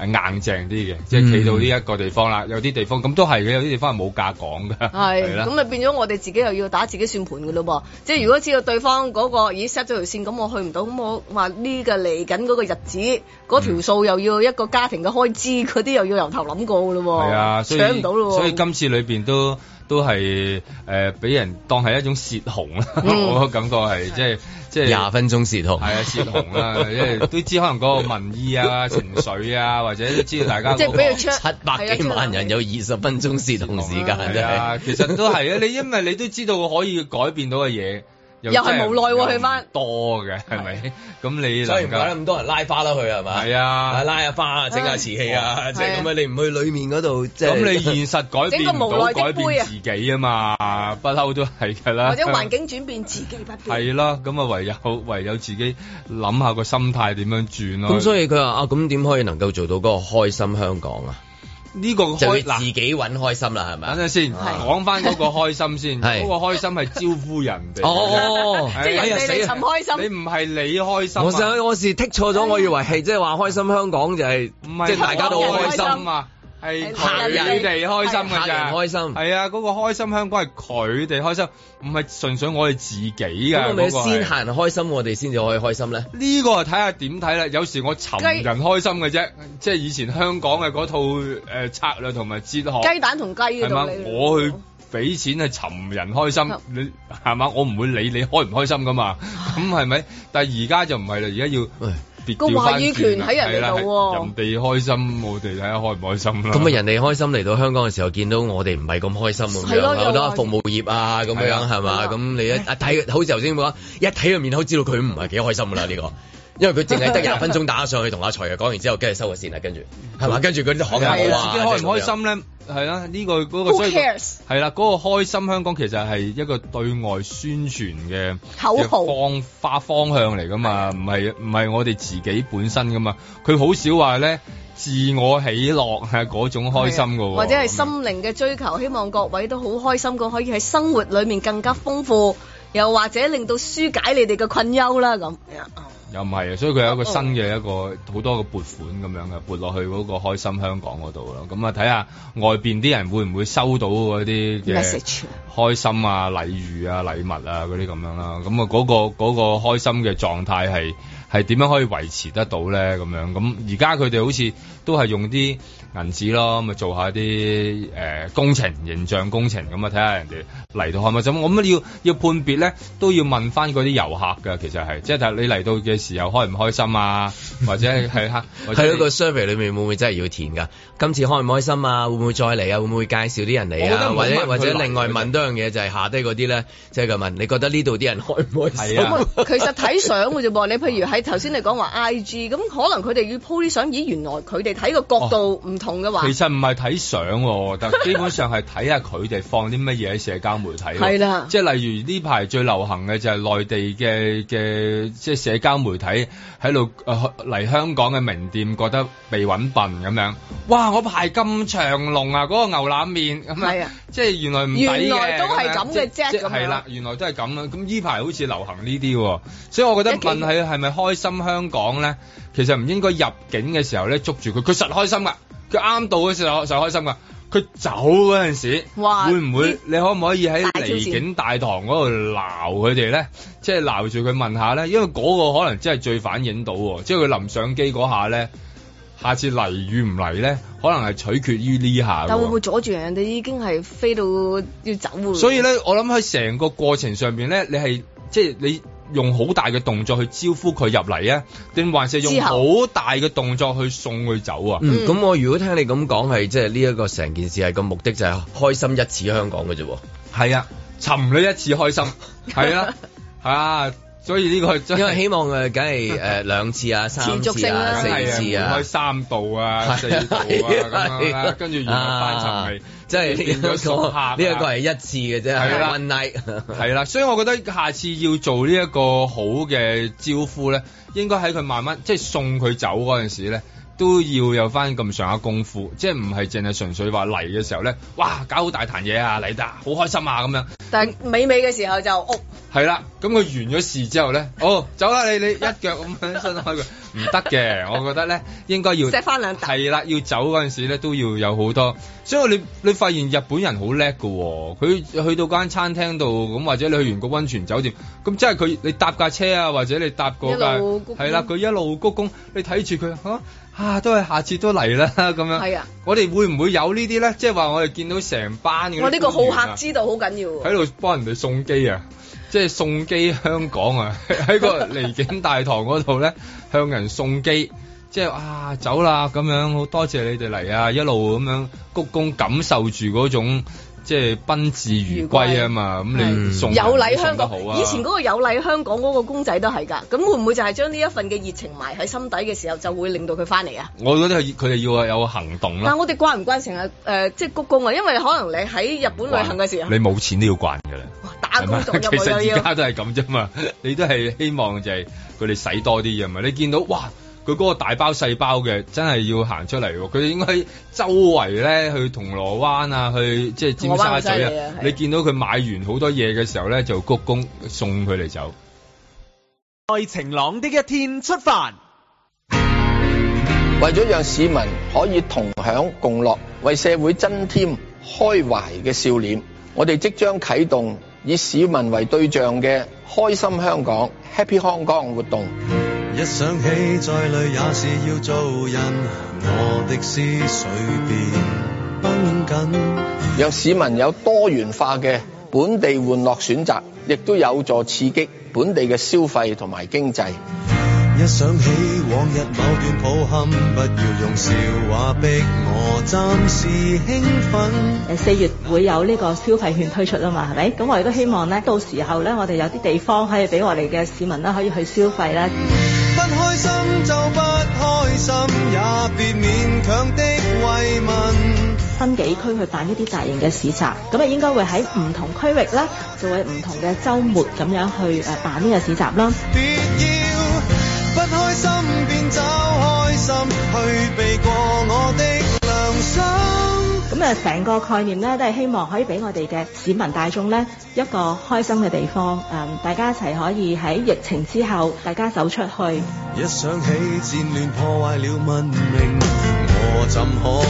硬淨啲嘅，即係企到呢一個地方啦、嗯。有啲地方咁都係嘅，有啲地方係冇價講嘅。係，咁咪變咗我哋自己又要打自己算盤嘅咯噃。即係如果知道對方嗰個已經 set 咗條線，咁我去唔到，咁我話呢個嚟緊嗰個日子嗰、嗯、條數又要一個家庭嘅開支，嗰啲又要由頭諗過嘅咯喎。係啊，搶唔到咯。所以今次裏邊都。都係誒，俾、呃、人當係一種泄洪啦，mm. *laughs* 我感覺係即係即係廿分鐘泄洪，係啊泄洪啦，因 *laughs* 為、即係、都知可能嗰個民意啊 *laughs* 情緒啊，或者都知大家即係俾七百幾萬人有二十分鐘泄洪時間，真係、係啊、其實都係啊！ *laughs* 你因為你都知道可以改變到嘅嘢。又係無奈喎、啊，佢翻多嘅，係咪？咁你，所以唔怪得咁多人拉花啦，佢係咪？係啊，拉下花，整下瓷器啊，即係咁啊！你唔去裏面嗰度，即係咁你現實改變到、啊、改變自己啊嘛，不嬲都係嘅啦。或者環境轉變，自己不變。係啦咁啊，唯有唯有自己諗下個心態點樣轉咯。咁所以佢話啊，咁點可以能夠做到嗰個開心香港啊？呢、這個開就係自己揾開心啦，係咪？等陣先，講返嗰個開心先，嗰、 *laughs* 那個開心係招呼人哋。即係你你尋開心，哎、你唔係你開心、啊。我想我是剔錯咗、哎，我以為係即係話開心香港就係唔係、即係大家都開心啊。係客人哋開心嘅啫，客人開心，係啊，嗰個開心香港係佢哋開心，唔係純粹我哋自己㗎。咁咪要先客人開心，我哋先至可以開心咧？呢個係睇下點睇啦。有時我尋人開心嘅啫，即係以前香港嘅嗰套策略同埋哲學。雞蛋同雞嘅道理。我去俾錢係尋人開心，嗯、會會你係嘛？我唔會理你開唔開心㗎嘛。咁係咪？但係而家就唔係啦，而家要。個話語權喺人哋度喎，人哋開心，我哋睇下開唔開心啦。咁啊，人哋開心嚟到香港嘅時候，見到我哋唔係咁開心喎。係咯，好多服務業啊，咁樣係嘛？咁你一睇，欸啊，好似頭先咁講，一睇個面可知道佢唔係幾開心噶啦，呢、 *laughs* 呢個。 *laughs* 因為佢淨係得廿分鐘打上去同阿財爺講完之後，跟住收個線啦，跟住係嘛，跟住佢都好嘅。自己開唔開心咧？係啦，呢個嗰個追求係啦，嗰個開心香港其實係一個對外宣傳嘅口號，放花方,方向嚟噶嘛，唔係唔係我哋自己本身噶嘛。佢好少話咧自我喜樂係嗰種開心噶，或者係心靈嘅追求，希望各位都好開心咁，可以喺生活裏面更加豐富，又或者令到紓解你哋嘅困憂啦咁。又唔係啊，所以佢有一個新嘅一個好多個撥款咁樣嘅撥落去嗰個開心香港嗰度咯。咁啊，睇下外面啲人會唔會收到嗰啲嘅開心啊禮遇啊禮物啊嗰啲咁樣啦。咁啊嗰個嗰個開心嘅狀態係係點樣可以維持得到咧？咁樣咁而家佢哋好似都係用啲。銀紙咯，咁做下啲誒、呃、工程、形象工程咁啊，睇下人哋嚟到開咪，咁我咁要要判別咧，都要問翻嗰啲遊客噶，其實係即係你嚟到嘅時候開唔開心啊，或者係嚇，睇 *laughs* 到、啊、個 survey 裏面會唔會真係要填噶？今次開唔開心啊？會唔會再嚟啊？會唔會介紹啲人嚟啊？或者或者另外問多樣嘢就係下低嗰啲咧，即、就、係、是、問你覺得呢度啲人開唔開心、啊、 *laughs* 其實睇相嘅啫噃，你譬如喺頭先你講話 IG，咁可能佢哋要 po 啲相，咦原來佢哋睇個角度、oh. 其實唔係睇相，但基本上係睇下佢哋放啲乜嘢喺社交媒體。係啦，即係例如呢排最流行嘅就係內地嘅嘅，即係社交媒體喺度嚟香港嘅名店，覺得被搵笨咁樣。哇！我排咁長龍啊，嗰個牛腩麵咁啊，即係原來唔抵嘅。原來都係咁嘅啫。係啦，原來都係咁啦。咁呢排好似流行呢啲，所以我覺得問佢係咪開心香港咧，其實唔應該入境嘅時候咧捉住佢，佢實開心噶。佢啱到嘅時候就開心㗎。佢走嗰陣時哇，會唔會？你可唔可以喺離境大堂嗰度鬧佢哋咧？即係鬧住佢問下咧，因為嗰個可能真係最反映到，即係佢臨上機嗰下咧。下次嚟與唔嚟咧，可能係取決於呢下。但會唔會阻住人哋？你已經係飛到要走喎？所以咧，我諗喺成個過程上邊咧，你係即係你。用好大嘅動作去招呼佢入嚟啊，定還是用好大嘅動作去送佢走啊？咁、嗯、我如果聽你咁講，係即係呢一個成件事係個目的就係開心一次香港嘅啫喎。係啊，尋你一次開心，係 *laughs* 是啊，係 *laughs* 啊，所以呢個係因為希望佢梗係兩次啊，三次啊，啊四次啊，開三度啊， *laughs* 四度啊， *laughs* 啊跟住如返翻尋係。啊。即係變咗送客呢一個係、啊這個、一次嘅啫，係啦，係啦 One night, *laughs* 所以我覺得下次要做呢一個好嘅招呼咧，應該喺佢慢慢即係送佢走嗰陣時咧。都要有翻咁上下功夫，即係唔係淨係純粹話嚟嘅時候咧，哇，搞好大壇嘢啊嚟得，好開心啊咁樣。但係美美嘅時候就屋。係、哦、啦，咁、嗯、佢完咗事之後咧， *laughs* 哦，走啦你你一腳咁樣伸開佢，唔得嘅， *laughs* 我覺得咧應該要。卸翻兩。係啦，要走嗰陣時咧都要有好多。所以你你發現日本人好叻噶，佢去到間餐廳度咁，或者你去完個溫泉酒店，咁即係佢你搭架車啊，或者你搭個。一路鞠躬。係啦，佢一路鞠躬，你睇住佢吓。啊啊，都係下次都嚟啦咁樣。係啊，我哋會唔會有呢啲咧？即係話我哋見到成班嘅人。我、哦、呢、呢個好客之道好緊要喺度幫人哋送機啊！即 *laughs* 係送機香港啊，喺個離境大堂嗰度咧， *laughs* 向人送機，即、就、係、是、啊走啦咁樣，好多謝你哋嚟啊，一路咁樣鞠躬感受住嗰種。即係賓至歸如歸啊嘛，咁、嗯、你送有禮香港好，以前嗰個有禮香港嗰個公仔都係㗎，咁會唔會就係將呢一份嘅熱情埋喺心底嘅時候，就會令到佢翻嚟啊？我覺得佢哋要啊有行動啦。但我哋慣唔慣成日即係鞠躬啊？因為可能你喺日本旅行嘅時候，你冇錢都要慣㗎啦。打工 *laughs* 其實而家都係咁啫嘛，你都係希望就係佢哋使多啲嘢嘛。你見到哇！嘩佢嗰個大包細包嘅，真係要行出嚟喎。佢哋應該周圍咧去銅鑼灣啊，去即係尖沙咀啊。你見到佢買完好多嘢嘅時候咧，就鞠躬送佢哋走。在晴朗的一天出發，為咗讓市民可以同享共樂，為社會增添開懷嘅笑臉，我哋即將啟動以市民為對象嘅開心香港 *music* Happy Hong Kong 活動。一想起再累也是要做人，我的思緒便繃緊。讓市民有多元化嘅本地玩樂選擇，亦都有助刺激本地嘅消費同埋經濟。一想起往日某段抱憾，不要用笑話逼我暫時興奮。誒，四月會有呢個消費券推出啊嘛，係咪？咁我亦都希望咧，到時候咧，我哋有啲地方可以俾我哋嘅市民咧，可以去消費咧。就不開心，也別勉強的慰問，分幾區去辦一啲大型嘅市集，咁啊，應該會喺唔同區域啦，就喺唔同嘅周末咁樣去誒辦呢個市集啦。咁啊，成個概念咧都係希望可以俾我哋嘅市民大眾咧一個開心嘅地方，誒，大家一齊可以喺疫情之後，大家走出去。一想起戰亂破壞了文明，我怎可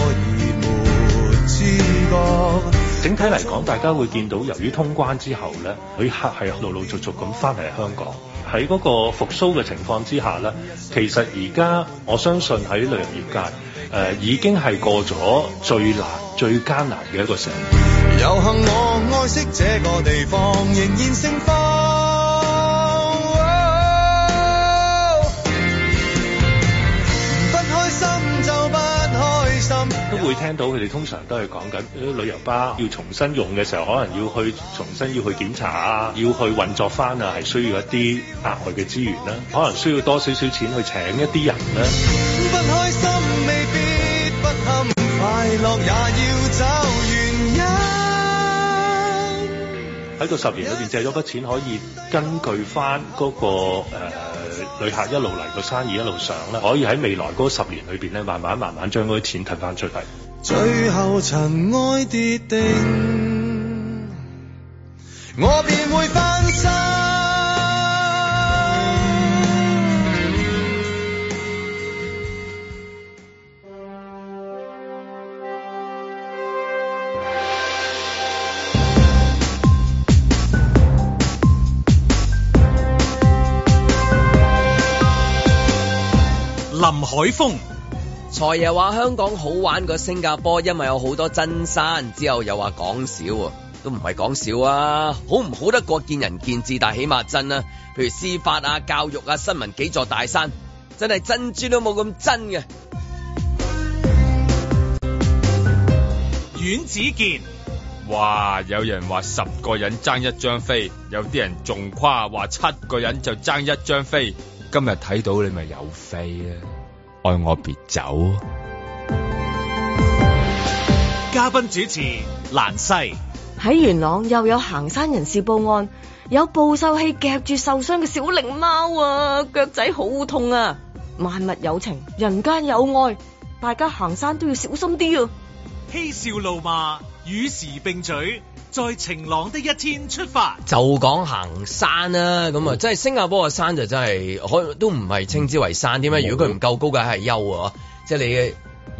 以沒知覺？整體嚟講，大家會見到，由於通關之後咧，旅客係陸陸續續咁翻嚟香港。喺嗰個復甦嘅情況之下咧，其實而家我相信喺旅遊業界。誒、呃、已經係過咗最難、最艱難嘅一個時候。有幸我愛惜這個地方，仍然盛放，哦。不開心就不開心。都會聽到佢哋通常都係講緊旅遊巴要重新用嘅時候，可能要去重新要去檢查啊，要去運作翻啊，係需要一啲額外嘅資源啦，可能需要多少少錢去請一啲人啦。喺個十年裏邊借咗筆錢，可以根據翻嗰、那個誒旅、呃、客一路嚟、這個生意一路上啦，可以喺未來嗰十年裏邊咧，慢慢慢慢將嗰啲錢騰翻出嚟。最後塵埃跌定，我便會翻身。林海峰，財爺話香港好玩過新加坡，因為有好多真山。之後又話講笑，都唔係講笑啊，好唔好，好得過見仁見智。但起碼真啊。譬如司法啊、教育啊、新聞幾座大山，真係珍珠都冇咁真嘅。阮子健，哇！有人話十個人爭一張飛，有啲人仲誇話七個人就爭一張飛。今日睇到你咪有飛啊！愛我別走，嘉賓主持蘭西喺元朗又有行山人士報案，有捕獸器夾住受傷嘅小靈貓啊，腳仔好痛啊！萬物有情，人間有愛，大家行山都要小心啲啊！嬉笑怒罵，與時並嘴在晴朗的一天出發，就講行山啦。咁啊，嗯、即係新加坡嘅山就真係，可都唔係稱之為山添咩？如果佢唔夠高嘅係丘啊，即係你嘅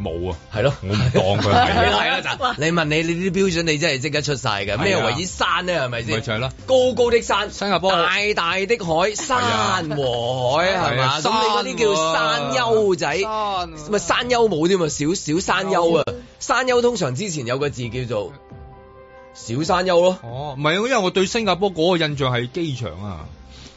冇啊，係咯， *laughs* 對咯，我唔講佢係啦。就你問你呢啲標準，你真係即刻出晒嘅咩？為之、啊、山咧，係咪先？高高的山，新加坡大大的海，山和海係嘛？咁、啊、你嗰啲叫山丘仔，咪山丘冇添嘛，少少山丘啊，山丘通常之前有個字叫做。小山丘咯，哦，唔係，因為我對新加坡嗰個印象係機場啊，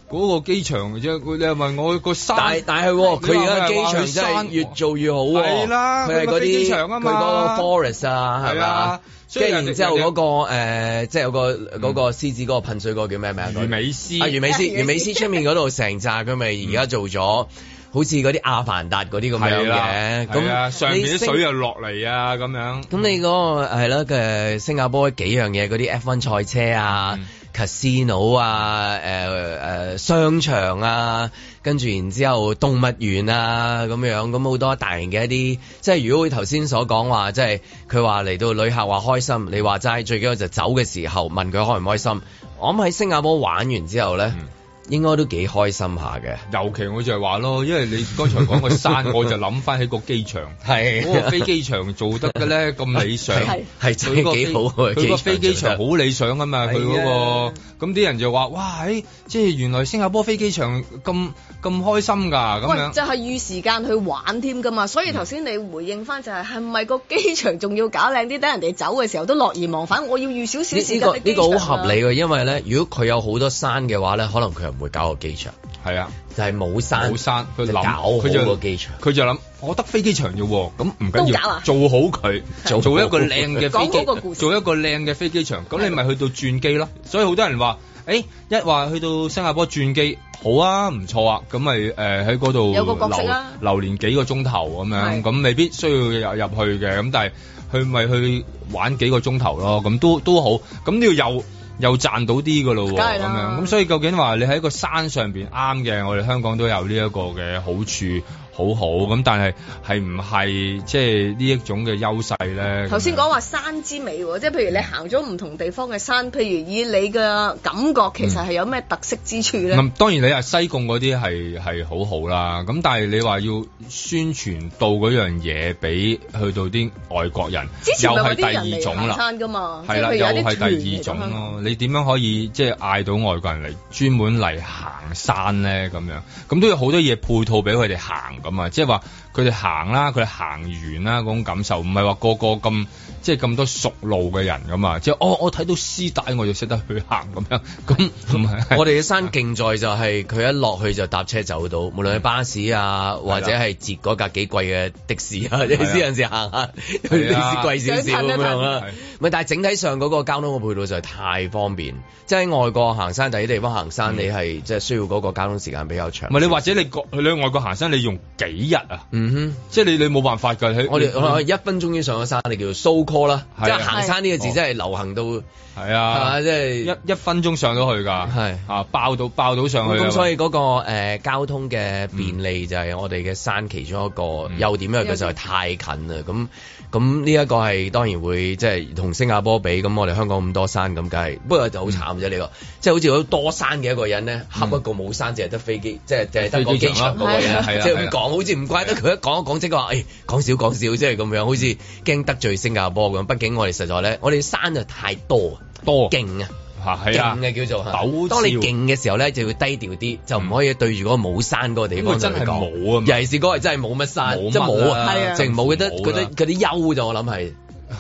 嗰個機場佢你係咪？問我個山，但係佢而家機場真係越做越好、哦，係啦，佢係嗰啲，佢多 forest 啊，係啊，跟住然之後嗰個、呃、即係有個嗰個獅子個噴水個叫咩名、啊？魚尾獅，魚尾獅，魚尾獅出面嗰度成扎佢咪而家做咗。嗯好似嗰啲阿凡達嗰啲咁樣嘅，咁上面啲水又落嚟啊咁樣。咁你嗰、嗰個係啦。嘅、嗯、新加坡幾樣嘢，嗰啲 F1 賽車啊、嗯、casino 啊、呃呃、商場啊，跟住然之後動物園啊咁樣，咁好多大型嘅一啲，即係如果佢頭先所講話，即係佢話嚟到旅客話開心，你話齋最緊要就走嘅時候問佢開唔開心。我諗喺新加坡玩完之後咧。嗯應該都幾開心下嘅，尤其我就係話咯，因為你剛才講個山， *laughs* 我就諗翻喺個機場，係嗰個飛機場做得嘅咧咁理想，係 *laughs* 真係幾好，佢個飛機場好理想啊嘛，佢嗰、啊嗰個咁啲人就話哇，即係原來新加坡飛機場咁咁開心噶，咁樣就係、係、預時間去玩添噶嘛，所以頭先你回應翻就係係咪個機場仲要搞靚啲，等人哋走嘅時候都樂而忘返？我要預少少時間。呢、呢個好、呢個呢個、合理嘅、啊，因為咧，如果佢有好多山嘅話咧，可能佢。唔會搞個機場，係啊，就係冇山冇山，佢諗佢就搞個機場，佢就諗，我得飛機場啫，咁唔緊要，做好佢，做一個靚嘅，講嗰個故事，做一個靚嘅飛機場，咁你咪去到轉機咯。所以好多人話，誒、哎，一話去到新加坡轉機，好啊，唔錯啊，咁咪誒喺嗰度留有個、啊、留連幾個鐘頭咁樣，咁未必需要入，入去嘅，咁但係佢咪去玩幾個鐘頭咯，咁都都好，咁呢度又。又賺到啲噶咯喎，咁樣咁所以究竟話你喺個山上邊啱嘅，我哋香港都有呢一個嘅好處。好好咁，但係係唔係即係呢一種嘅優勢咧？頭先講話山之美，即係譬如你行咗唔同地方嘅山，譬如以你嘅感覺，其實係有咩特色之處咧？咁、嗯、當然你話西貢嗰啲係係好好啦，咁但係你話要宣傳到嗰樣嘢俾去到啲外國人，人又係第二種啦。山嘛，係啦，又係第二種咯。你點樣可以即係嗌到外國人嚟專門嚟行山咧？咁樣咁都要好多嘢配套俾佢哋行即係話佢哋行啦，佢哋行完啦嗰種感受，唔係話個個咁即係咁多熟路嘅人咁啊，即係哦，我睇到絲帶，我就識得去行咁樣。咁我哋嘅山徑就係、是、佢 *laughs* 一落去就搭車走到，無論係巴士啊，是或者係截嗰架幾貴嘅的，的士啊，有時行一下，佢的士貴少少咁樣。咪但係整體上嗰個交通嘅配套就係太方便。即係喺外國行山，第啲地方行山，嗯、你係即係需要嗰個交通時間比較長。唔係你或者你，你去你外國行山，你用幾日啊？嗯哼，即係你你冇辦法噶，我哋我哋一分鐘已經上咗山，你叫做 so call 啦、啊，即、就、係、是、行山呢個字真係流行到係啊，即係、就是、一一分鐘上到去噶，係、啊、爆到爆到上去。咁所以嗰、那個誒、呃、交通嘅便利就係我哋嘅山其中一個優、嗯、點啦，因為佢實在太近啦咁。咁呢一個係當然會即係同新加坡比，咁我哋香港咁多山，咁梗係，不過就好慘啫呢、嗯呢個，即、就、係、是、好似好多山嘅一個人咧，恰、嗯、一個冇山，淨係得飛機，即係淨係得個機場嗰個人，即係咁講好似唔怪得佢一講一講即係話，誒講少講少，即係咁樣，嗯、好似驚得罪新加坡咁。畢竟我哋實在咧，我哋山就太多，多勁啊！吓係啊，勁嘅叫做。當你勁嘅時候咧，就要低調啲，就唔可以對住嗰個冇山嗰個地方真係冇啊，尤其是嗰個真係冇乜山，即係冇啊，係啊，淨冇，覺得覺得嗰啲憂就我諗係。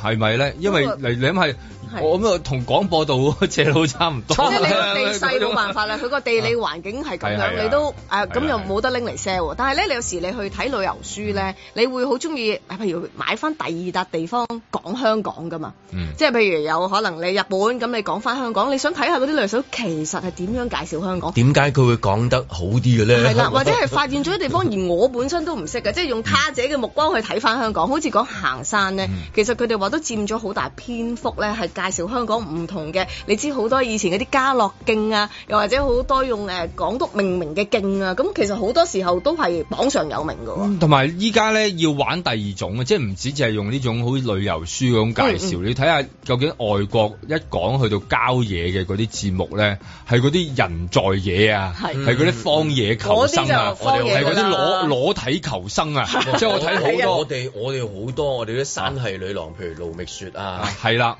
係咪咧？因為、嗯、你你諗係。我咁又同廣播道個斜路差唔多，即你個、哎、地勢冇辦法啦，佢、啊、個地理環境係咁樣、啊，你都誒咁、啊、又冇得拎嚟 sell。但係咧，你有時你去睇旅遊書咧、嗯，你會好中意譬如買翻第二笪地方講香港㗎嘛，即係譬如有可能你日本咁，你講翻香港，你想睇下嗰啲旅遊書其實係點樣介紹香港？點解佢會講得好啲嘅咧？啦、哦，或者係發現咗啲地方 *laughs* 而我本身都唔識嘅，即係用他者嘅目光去睇翻香港。嗯、好似講行山咧、嗯，其實佢哋話都佔咗好大篇幅咧，介紹香港唔同嘅，你知好多以前嗰啲家樂徑啊，又或者好多用誒、呃、港督命名嘅徑啊，咁其實好多時候都係榜上有名噶、啊。同埋依家咧要玩第二種啊，即係唔止淨係用呢種好似旅遊書咁介紹、嗯嗯，你睇下究竟外國一講去到郊野嘅嗰啲節目咧，係嗰啲人在野啊，係嗰啲荒野求生啊，嗯嗯、那些就是我哋係嗰啲裸裸體求生啊，即 *laughs* 係是我睇好 *laughs* 我 *laughs* 多我哋我哋好多我哋啲山系女郎，譬如盧覓雪啊，係 *laughs* 啦。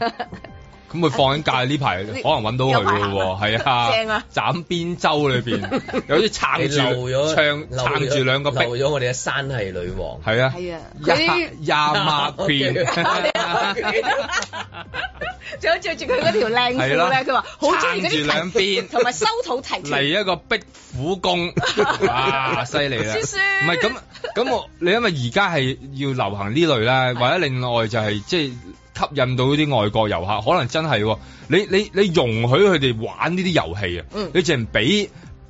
咁佢放緊假呢排，可能搵到佢嘅喎。係啊，正啊，斬邊州裏面， *laughs* 有啲撐住唱撐住兩個壁。我哋嘅山系女王。係啊。係 *laughs* 拳、okay. *laughs* *laughs* 啊。嗰啲亞麻片。仲有著住佢嗰條靚褲咧，佢話好中意嗰啲兩邊。同埋收肚提琴。嚟一個壁虎功，哇、 *laughs* 啊！犀利啦。唔係咁咁我，你因為而家係要流行呢類啦， *laughs* 或者另外就係即係。就是吸引到嗰啲外國遊客，可能真係，你你你容許佢哋玩呢啲遊戲啊、嗯？你淨係俾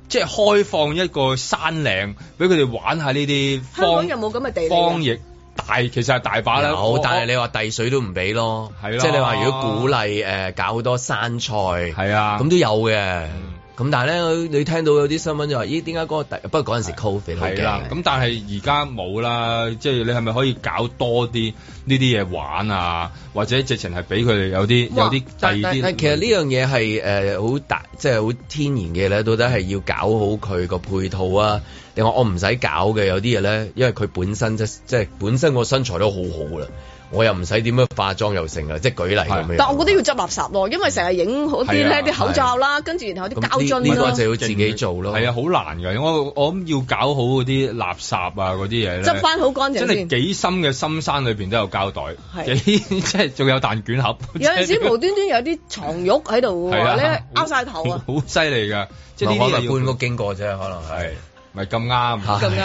即係開放一個山嶺俾佢哋玩下呢啲，方有冇咁嘅地，方亦大其實係大把啦。好但係你話遞水都唔俾咯，係啦，即係你話如果鼓勵誒、呃、搞好多山菜，係啊，咁都有嘅。嗯。咁但係咧，你聽到有啲新聞就話，咦？點解嗰個第不過嗰陣時 covid 係啦。咁但係而家冇啦，即係你係咪可以搞多啲呢啲嘢玩啊？或者直情係俾佢哋有啲有啲第二啲？但係其實呢樣嘢係誒好大，即係好天然嘅咧。到底係要搞好佢個配套啊？定話我唔使搞嘅？有啲嘢咧，因為佢本身即即係本身個身材都好好啦。我又唔使點樣化妝又成啊，即舉例咁樣。但我覺得要執垃圾喎，因為成日影好啲咧啲口罩啦，跟住、啊、然後啲膠樽咯。呢個就要自己做咯。係啊，好、啊、難㗎！我我諗要搞好嗰啲垃圾啊，嗰啲嘢咧。執翻好乾淨，即係真係幾深嘅深山裏面都有膠袋，即係仲有蛋卷盒。有陣時無端端有啲床褥喺度喎，你拗晒頭啊！好犀利㗎，呢啲係半個經過啫，可能係。咪咁啱，咁啱咁啱？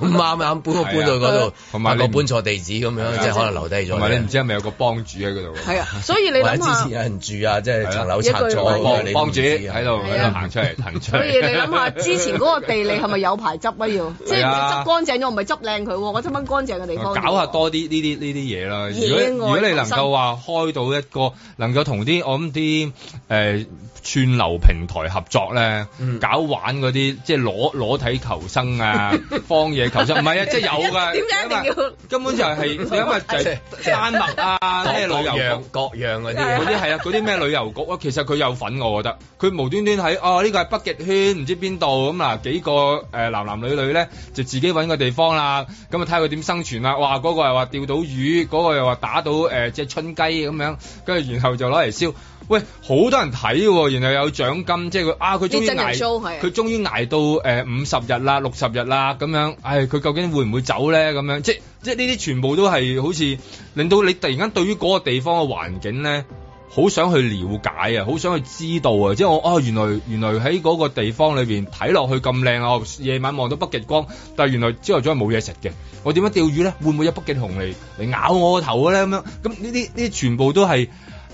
啱搬，我、啊、 *laughs* 搬到嗰度，同埋個搬錯地址咁樣，啊、即係可能留低咗。唔埋、啊就是、你唔知係咪有個幫主喺嗰度？係啊，所以你諗下之前有人住啊，即係層樓拆咗幫主喺度行出嚟。所以你諗下 *laughs* 之前嗰個地理係咪有排執啊？要即係執乾淨咗，唔係執靚佢，我執翻乾淨嘅地方、啊。搞下多啲呢啲呢啲嘢啦。如果如果你能夠話開到一個，能夠同啲我諗啲誒串流平台合作咧，搞玩嗰啲即係攞。攞睇求生啊，荒野求生唔係啊，即係有噶，點解要根本就係、是、因為就係山脈啊，咩旅遊各樣嗰啲，嗰啲係啊，嗰啲咩旅遊局啊，其實佢有份我覺得佢無端端喺哦呢、這個係北極圈，唔知邊度咁啊，幾個誒男、呃、男女女咧就自己搵個地方啦，咁啊睇下佢點生存啦，哇、呃、嗰、那個又話釣到魚，嗰、那個又話打到誒隻、呃、春雞咁樣，跟住然後就攞嚟燒。喂，好多人睇喎，然後有獎金，即係佢啊，佢終於捱，佢終於捱到誒五十日啦、六十日啦咁樣。唉、哎，佢究竟會唔會走咧？咁樣，即係即係呢啲全部都係好似令到你突然間對於嗰個地方嘅環境咧，好想去了解啊，好想去知道啊。即係我啊，原來原來喺嗰個地方裏面睇落去咁靚啊，我夜晚望到北極光，但係原來朝頭早係冇嘢食嘅。我點樣釣魚咧？會唔會有北極熊嚟嚟咬我個頭咧？咁樣咁呢啲呢啲全部都係。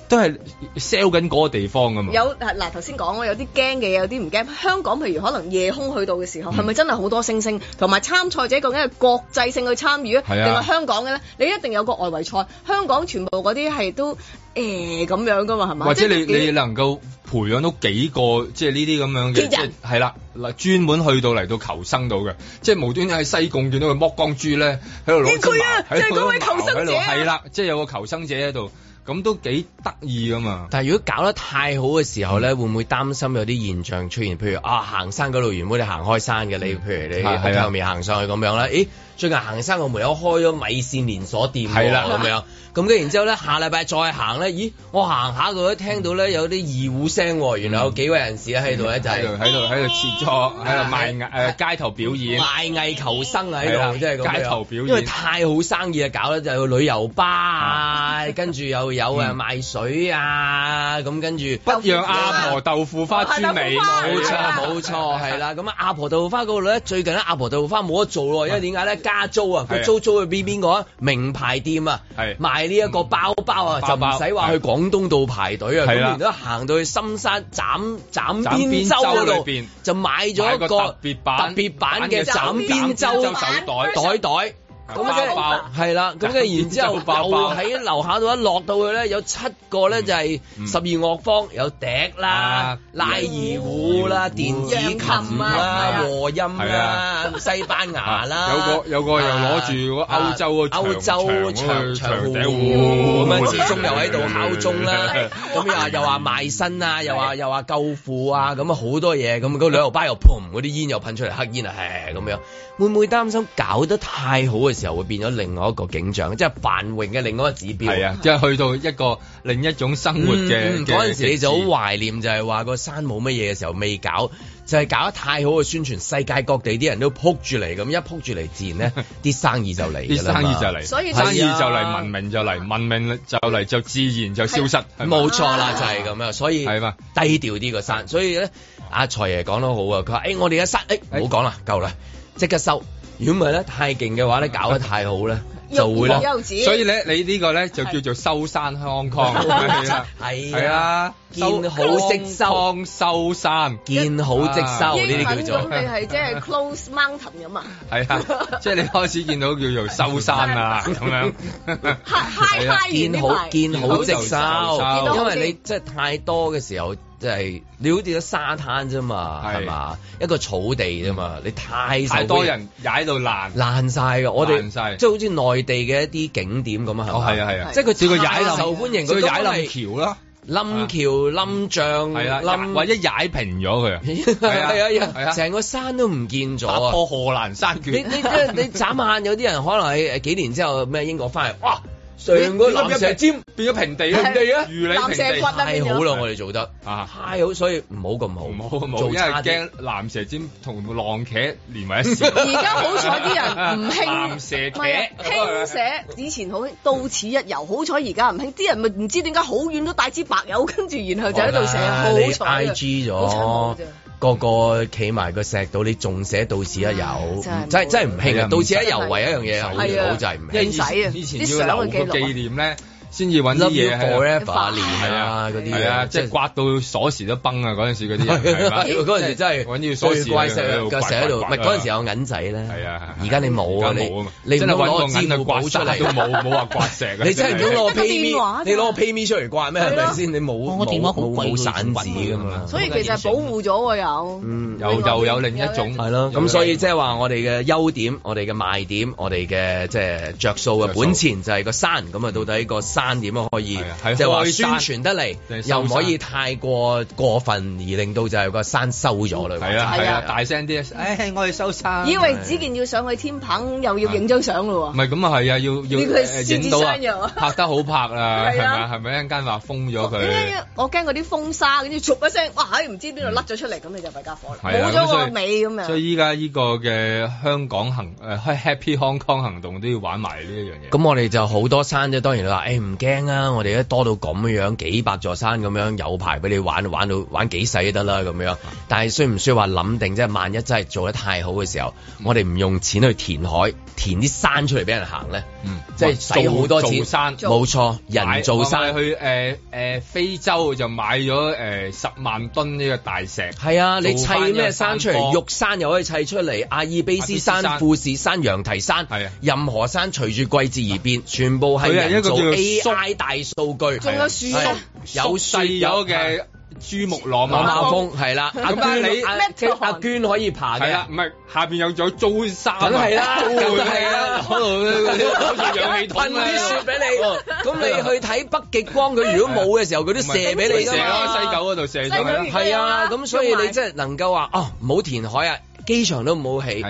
都係 sell 緊嗰個地方噶嘛？有嗱，頭先講我有啲驚嘅，有啲唔驚。香港譬如可能夜空去到嘅時候，係、嗯、咪真係好多星星？同埋參賽者究竟係國際性去參與咧，定係、啊、香港嘅咧？你一定有個外圍賽，香港全部嗰啲係都誒咁、欸、樣噶嘛？係嘛？或者你你能夠培養到幾個即係呢啲咁樣嘅人？係啦，嗱、就是，專門去到嚟到求生到嘅，即、就、係、是、無端喺西貢見到佢剝光豬咧，喺度攞住麻喺度攞住麻係啦，即係、啊就是就是、有個求生者喺度。咁都幾得意噶嘛！但係如果搞得太好嘅時候咧，嗯、會唔會擔心有啲現象出現？譬如啊，行山嗰度，原本你行開山嘅，嗯、你譬如你喺後面行上去咁樣啦。嗯嗯咦？最近行山個門口開咗米線連鎖店，係啦咁樣咁跟 *laughs* 然之後咧，下禮拜再行咧，咦？我行下到咧，聽到咧有啲二胡聲喎。原來有幾位人士喺度喺度喺度喺度切磋喺度賣藝街頭表演賣藝求生啊！喺度即係街頭表演，因為太好生意啊！搞咧就去旅遊巴啊，跟住又有、嗯、賣水啊，咁跟住不讓阿婆豆腐花出味，冇錯冇錯係啦。咁阿婆豆腐花個女最近阿婆豆腐花冇得做咯，因 *laughs* 為點解咧？加租啊，佢、啊、租租去邊邊個啊？名牌店啊，啊，賣呢一個包包啊，包包就唔使話去廣東道排隊啊，每年、啊、都行到去深山斬斬邊洲嗰度，就買咗一個特別版嘅斬邊洲手袋州袋袋。咁即係係啦，咁嘅，就是，然之後又喺樓下度一落到去咧有七個咧就係十二樂坊，嗯，有笛啦，啊，拉二胡啦，啊，啦，電子琴啦，啦，和音啦，啊，西班牙啦，啊，有個有個又攞住個歐洲嘅，歐洲長長笛咁樣始終又喺度敲鐘啦，咁，嗯嗯嗯，又又話賣身啊，嗯，又話，嗯，又話救父啊，咁好多嘢咁，嗰兩巴又嘭，嗰啲煙又噴出嚟黑煙啊，咁，嗯，樣，會唔會擔心搞得太好啊？嗯時候會變咗另外一個景象，即、就、係、是、繁榮嘅另外一個指標，即係、啊就是、去到一個另一種生活嘅。嗰、嗯、陣、嗯、時你就好懷念就，就係話個山冇乜嘢嘅時候未搞，就係、是、搞得太好嘅宣傳，世界各地啲人都撲住嚟，咁一撲住嚟自然咧啲 *laughs* 生意就嚟，生意就嚟，所以、啊、生意就嚟文明就嚟，文明就嚟就自然就消失。冇、啊、錯啦，就係、是、咁樣，所以係嘛低調啲個山。啊、所以咧，阿財爺講得好啊，佢話：誒、欸、我哋嘅山，誒唔好講啦，夠啦，即刻收。如果唔係咧，太勁嘅話咧，搞得太好咧， *laughs* 就會啦。所以咧，你個呢個咧就叫做收山香港，係係啦，見好即收，收山見好即收呢啲、啊、叫做，咁你即係 close mountain 咁啊？係啊，即係你開始見到叫做收山啊咁 *laughs* *laughs* 咁樣。係 *laughs* 啊，見好見好即收，收，因為你即係太多嘅時候。即係你好似啲沙灘啫嘛，係嘛，一個草地啫嘛，嗯，你太，太多人踩到爛爛晒㗎，我哋即係好似內地嘅一啲景點咁，哦、啊，係啊，係啊，即係佢踩受歡迎，佢踩冧橋啦，冧橋冧牆，係啦，或者踩平咗佢，啊。係啊，係啊，成，啊啊啊啊，個山都唔見咗啊，河南山腳， *laughs* 你你即係你眨眼，有啲人可能係幾年之後咩英國翻嚟，哇！成個蚺蛇尖變咗平地，平地啊！魚鰭、蚺蛇骨，太好啦！我哋做得啊，太好，所以唔好咁好，唔好唔好，因為驚蚺蛇尖同浪茄連埋一線。而家好彩啲人唔興，唔寫茄興，以前好興到此一遊，幸好彩而家唔興。啲人咪唔知點解好遠都帶支白油，跟住然後就喺度寫。好彩啊！好個個企埋個石度，你仲寫到此一遊，真係真係唔興啊！到此一遊為一樣嘢，好，好、啊、就好就係唔興，因為以前要留、啊、個紀念咧。先至揾啲嘢，係啊，嗰啲啊，即係、啊啊啊就係、刮到鎖匙都崩嗰陣時嗰啲啊！嗰陣時嗰啲，嗰陣時真係揾住鎖匙喺度，喺度。嗰陣時有銀仔咧，係啊，而家你冇啊，你你唔好攞鑰匙出嚟、啊，冇冇話刮石， *laughs* 刮石、啊。你真係唔攞皮你攞皮咪出嚟刮咩？係咪先？你冇冇散子㗎嘛？所以其實保護咗又，嗯，又又有另一種係咯。咁所以即係話我哋嘅優點，我哋嘅賣點，我哋嘅即係著數嘅本錢就係個山咁啊！到底個山。山點樣可以？啊、就話、是、宣傳得嚟，又唔可以太過過分，而令到就係個山收咗咯。係、嗯、啊，係啊，係啊，係啊，大聲啲、哎！我要收山。以為只件要上去天棚、啊，又要影張相咯喎。唔係咁啊，係啊，要要影到拍得好拍啊，係咪？一陣間話封咗佢。我驚嗰啲風沙，跟住唰一聲，哇！唔、哎、知邊度甩咗出嚟，咁、嗯、你就大家火嚟。冇咗個尾咁、嗯、樣。所以依家呢個嘅香港行誒，Happy Hong Kong 行動都要玩埋呢一樣嘢。咁我哋就好多山啫，當然啦。哎驚啊！我哋一多到咁樣，幾百座山咁樣，有排俾你玩，玩到玩幾世都得啦咁樣。但係需唔需要話諗定？即係萬一真係做得太好嘅時候，嗯、我哋唔用錢去填海，填啲山出嚟俾人行咧。嗯，即係使好多錢山，冇錯。人造山去誒誒、呃呃，非洲就買咗誒十萬噸呢個大石。係啊，你砌咩山，山出嚟？玉山又可以砌出嚟。阿爾卑斯山，阿斯山、富士山、山山羊蹄山，係啊，任何山隨住季節而變，全部係人造晒大數據，仲有雪，有西有嘅珠穆朗瑪峰，係啦。咁但係你阿娟可以爬，係啦，唔係下邊有咗租山啊，咁係啦，係啦，噴啲雪俾你，咁你去睇北極光，佢、啊、如果冇嘅時候，佢、啊、都射俾你咯。射咯，西九嗰度射咗啦。係啊，咁所以你真係能夠話哦，唔好填海啊，機場都唔好起，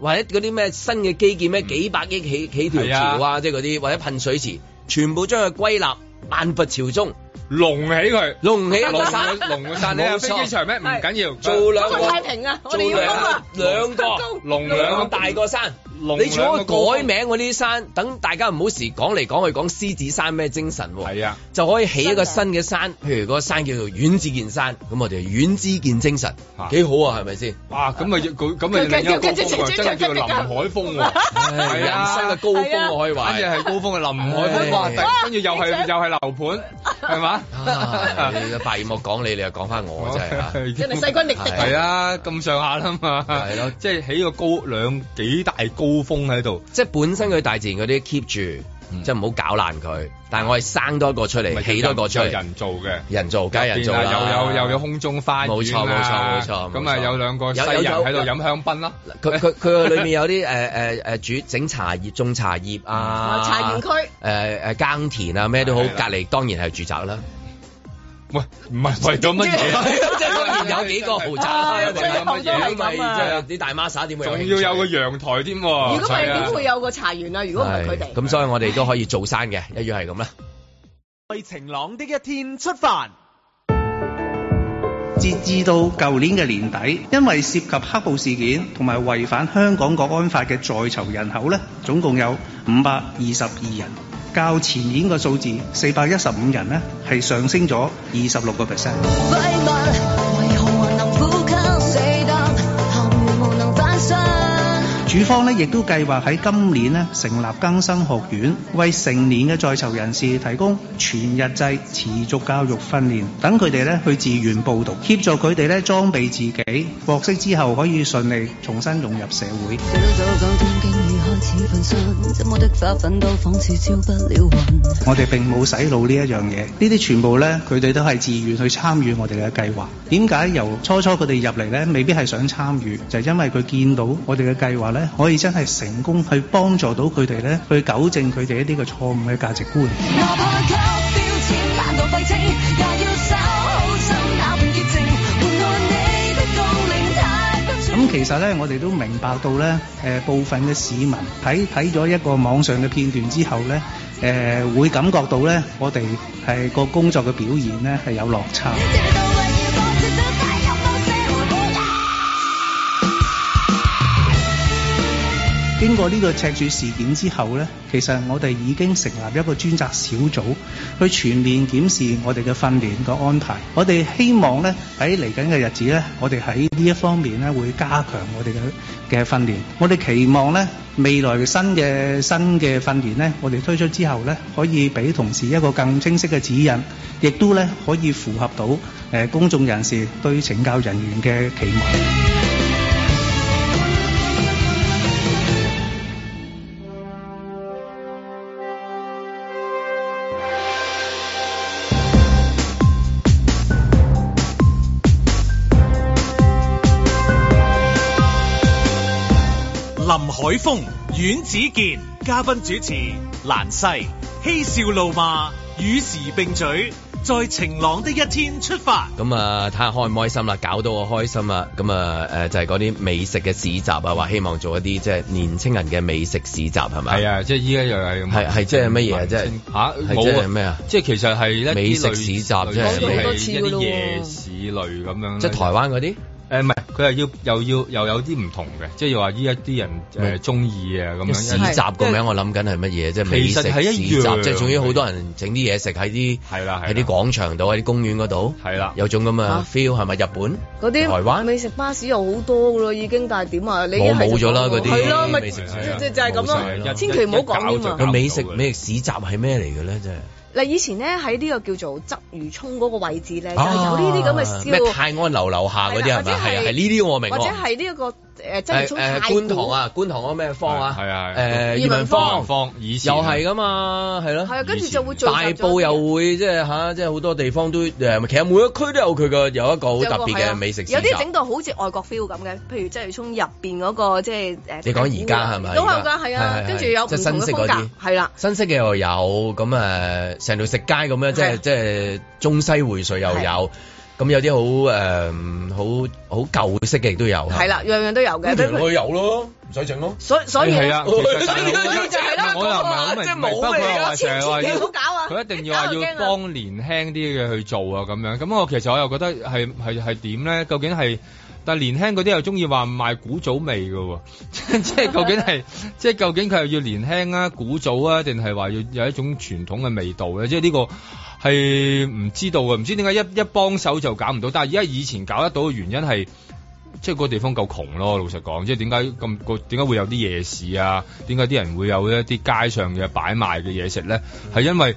或者嗰啲咩新嘅基建咩幾百億起起條橋啊，即係嗰啲或者噴水池。全部將佢歸納萬佛朝宗，隆起佢，隆起個山，隆個山。冇 *laughs* 飛機場咩？唔緊要，做兩個，個，個，太平啊！我哋要高啊，兩個隆兩大個山。你除咗改名嗰啲山，等大家唔好時講嚟講去講獅子山咩精神喎，係啊，就可以起一個新嘅山新，譬如嗰個山叫做遠志健山，咁我哋遠志健精神、啊、幾好啊，係咪先？哇，咁咪叫咁咪另一個高峰、啊，真係叫做林海峰喎，係啊，新、哎、嘅高峰、啊啊、我可以話，跟住係高峰嘅林海峰、啊。跟住、啊、又係又係樓盤，係、啊、嘛？大現、啊啊、我講你，你又講翻我，真係真係勢均力敵，係啊，咁上下啦嘛，係咯，即係起個高兩幾大高。高峰喺度，即係本身佢大自然嗰啲 keep 住，嗯、即係唔好搞爛佢。但係我係生多一個出嚟，起、嗯、多個出嚟。人造嘅，人造加人造，又有又、啊、有，有空中花、啊，園，冇錯冇錯冇錯。咁啊，有兩個西人喺度飲香檳啦，佢佢佢裏面有啲誒誒誒煮整茶葉，種茶葉啊，茶園區誒誒耕田啊，咩都好。隔籬當然係住宅啦、啊。喂，唔係為咗乜嘢？即 *laughs* 有幾個豪宅哎哎、就是、啊？乜嘢？咪就係啲大媽點會？仲要有個陽台添喎、啊。如果唔係點會有個茶園啊？如果唔係佢哋。咁所以我哋都可以做山嘅，一 *laughs* 樣係咁啦。在晴朗的一天出發。截至到舊年嘅年底，因為涉及黑暴事件同埋違反香港國安法嘅在囚人口咧，總共有五百二十二人。較前年個數字四百一十五人呢，係上升咗二十六個 percent。主方呢亦都計劃喺今年呢成立更生學院，為成年嘅在囚人士提供全日制持續教育訓練，等佢哋呢去自願報讀，協助佢哋呢裝備自己，獲釋之後可以順利重新融入社會。細細細細我哋並冇洗腦呢一樣嘢，呢啲全部呢，佢哋都係自願去參與我哋嘅計劃。點解由初初佢哋入嚟呢，未必係想參與，就係因為佢見到我哋嘅計劃呢，可以真係成功去幫助到佢哋呢，去糾正佢哋一啲嘅錯誤嘅價值觀。其實咧，我哋都明白到咧，誒、呃、部分嘅市民睇睇咗一個網上嘅片段之後咧，誒、呃、會感覺到咧，我哋係個工作嘅表現咧係有落差。經過呢個赤柱事件之後呢，其實我哋已經成立一個專責小組，去全面檢視我哋嘅訓練嘅安排。我哋希望呢，喺嚟緊嘅日子呢，我哋喺呢一方面呢，會加強我哋嘅嘅訓練。我哋期望呢，未來嘅新嘅新嘅訓練呢，我哋推出之後呢，可以俾同事一個更清晰嘅指引，亦都呢可以符合到、呃、公眾人士對懲教人員嘅期望。海峰、阮子健，嘉賓主持蘭西，嬉笑怒罵，與時並舉，在晴朗的一天出發。咁啊，睇下開唔開心啦，搞到我開心啊。咁啊，誒，就係嗰啲美食嘅市集啊，話希望做一啲即係年青人嘅美食市集，係咪？係啊，即係依家又係咁樣。係係即係乜嘢啊？即係吓，即係咩啊？即係其實係美食市集，啊、即係、好似、一啲夜市類咁樣。即係台灣嗰啲。誒唔係，佢係要又要又有啲唔同嘅，即係要話依一啲人誒中意啊咁樣。市集個名我諗緊係乜嘢？即係、就是、美食市集，即係仲要好多人整啲嘢食喺啲係啦，喺啲廣場度、喺啲公園嗰度係啦，有種咁啊 feel 係咪？係係日本嗰啲台灣美食巴士又好多㗎咯，已經，但係點啊？你冇咗啦嗰啲係咯，咪就係咁樣，千祈唔好講㗎嘛美食、就是、美食市集係咩嚟嘅咧？真係。嗱，以前咧喺呢個叫做鯽魚涌個位置咧，啊，就有呢啲咁嘅燒，泰安樓樓下嗰啲係咪啊，係啊，係呢啲我明或者係呢一個。誒、呃！增沖誒觀塘啊，觀塘嗰、啊、咩坊啊，係啊，誒裕民坊，裕民坊，裕民坊以前又係噶嘛，係咯，係啊，跟住就會大埔會，又會即係嚇，即係好多地方都誒，其實每一區都有佢個有一個好特別嘅美食，有啲整到好似外國 feel 咁嘅，譬如、那個、即增沖入邊嗰個即係誒，你講而家係咪？都係噶，係啊，跟住有新式風格，係啦，新式嘅又有，咁誒成條食街咁樣，即係即係中西薈萃又有。咁有啲好誒，好好舊式嘅亦都有。係啦，樣樣都有嘅。一定會有咯，唔使整咯。所所以係啊，唔使唔使唔使咯。我又唔係咁明唔係，唔係。即係冇嚟咯。好搞啊！佢一定要話要幫年輕啲嘅去做啊，咁樣。咁我其實我又覺得係係係點咧？究竟係但年輕嗰啲又中意話賣古早味㗎喎，即係究竟係即係究竟佢又要年輕啊、古早啊，定係話要有一種傳統嘅味道咧？即係呢個。係唔知道嘅，唔知點解一一幫手就搞唔到，但係而家以前搞得到嘅原因係，即、就、係、是、個地方夠窮咯。老實講，即係點解咁個點解會有啲夜市啊？點解啲人會有一啲街上嘅擺賣嘅嘢食咧？係因為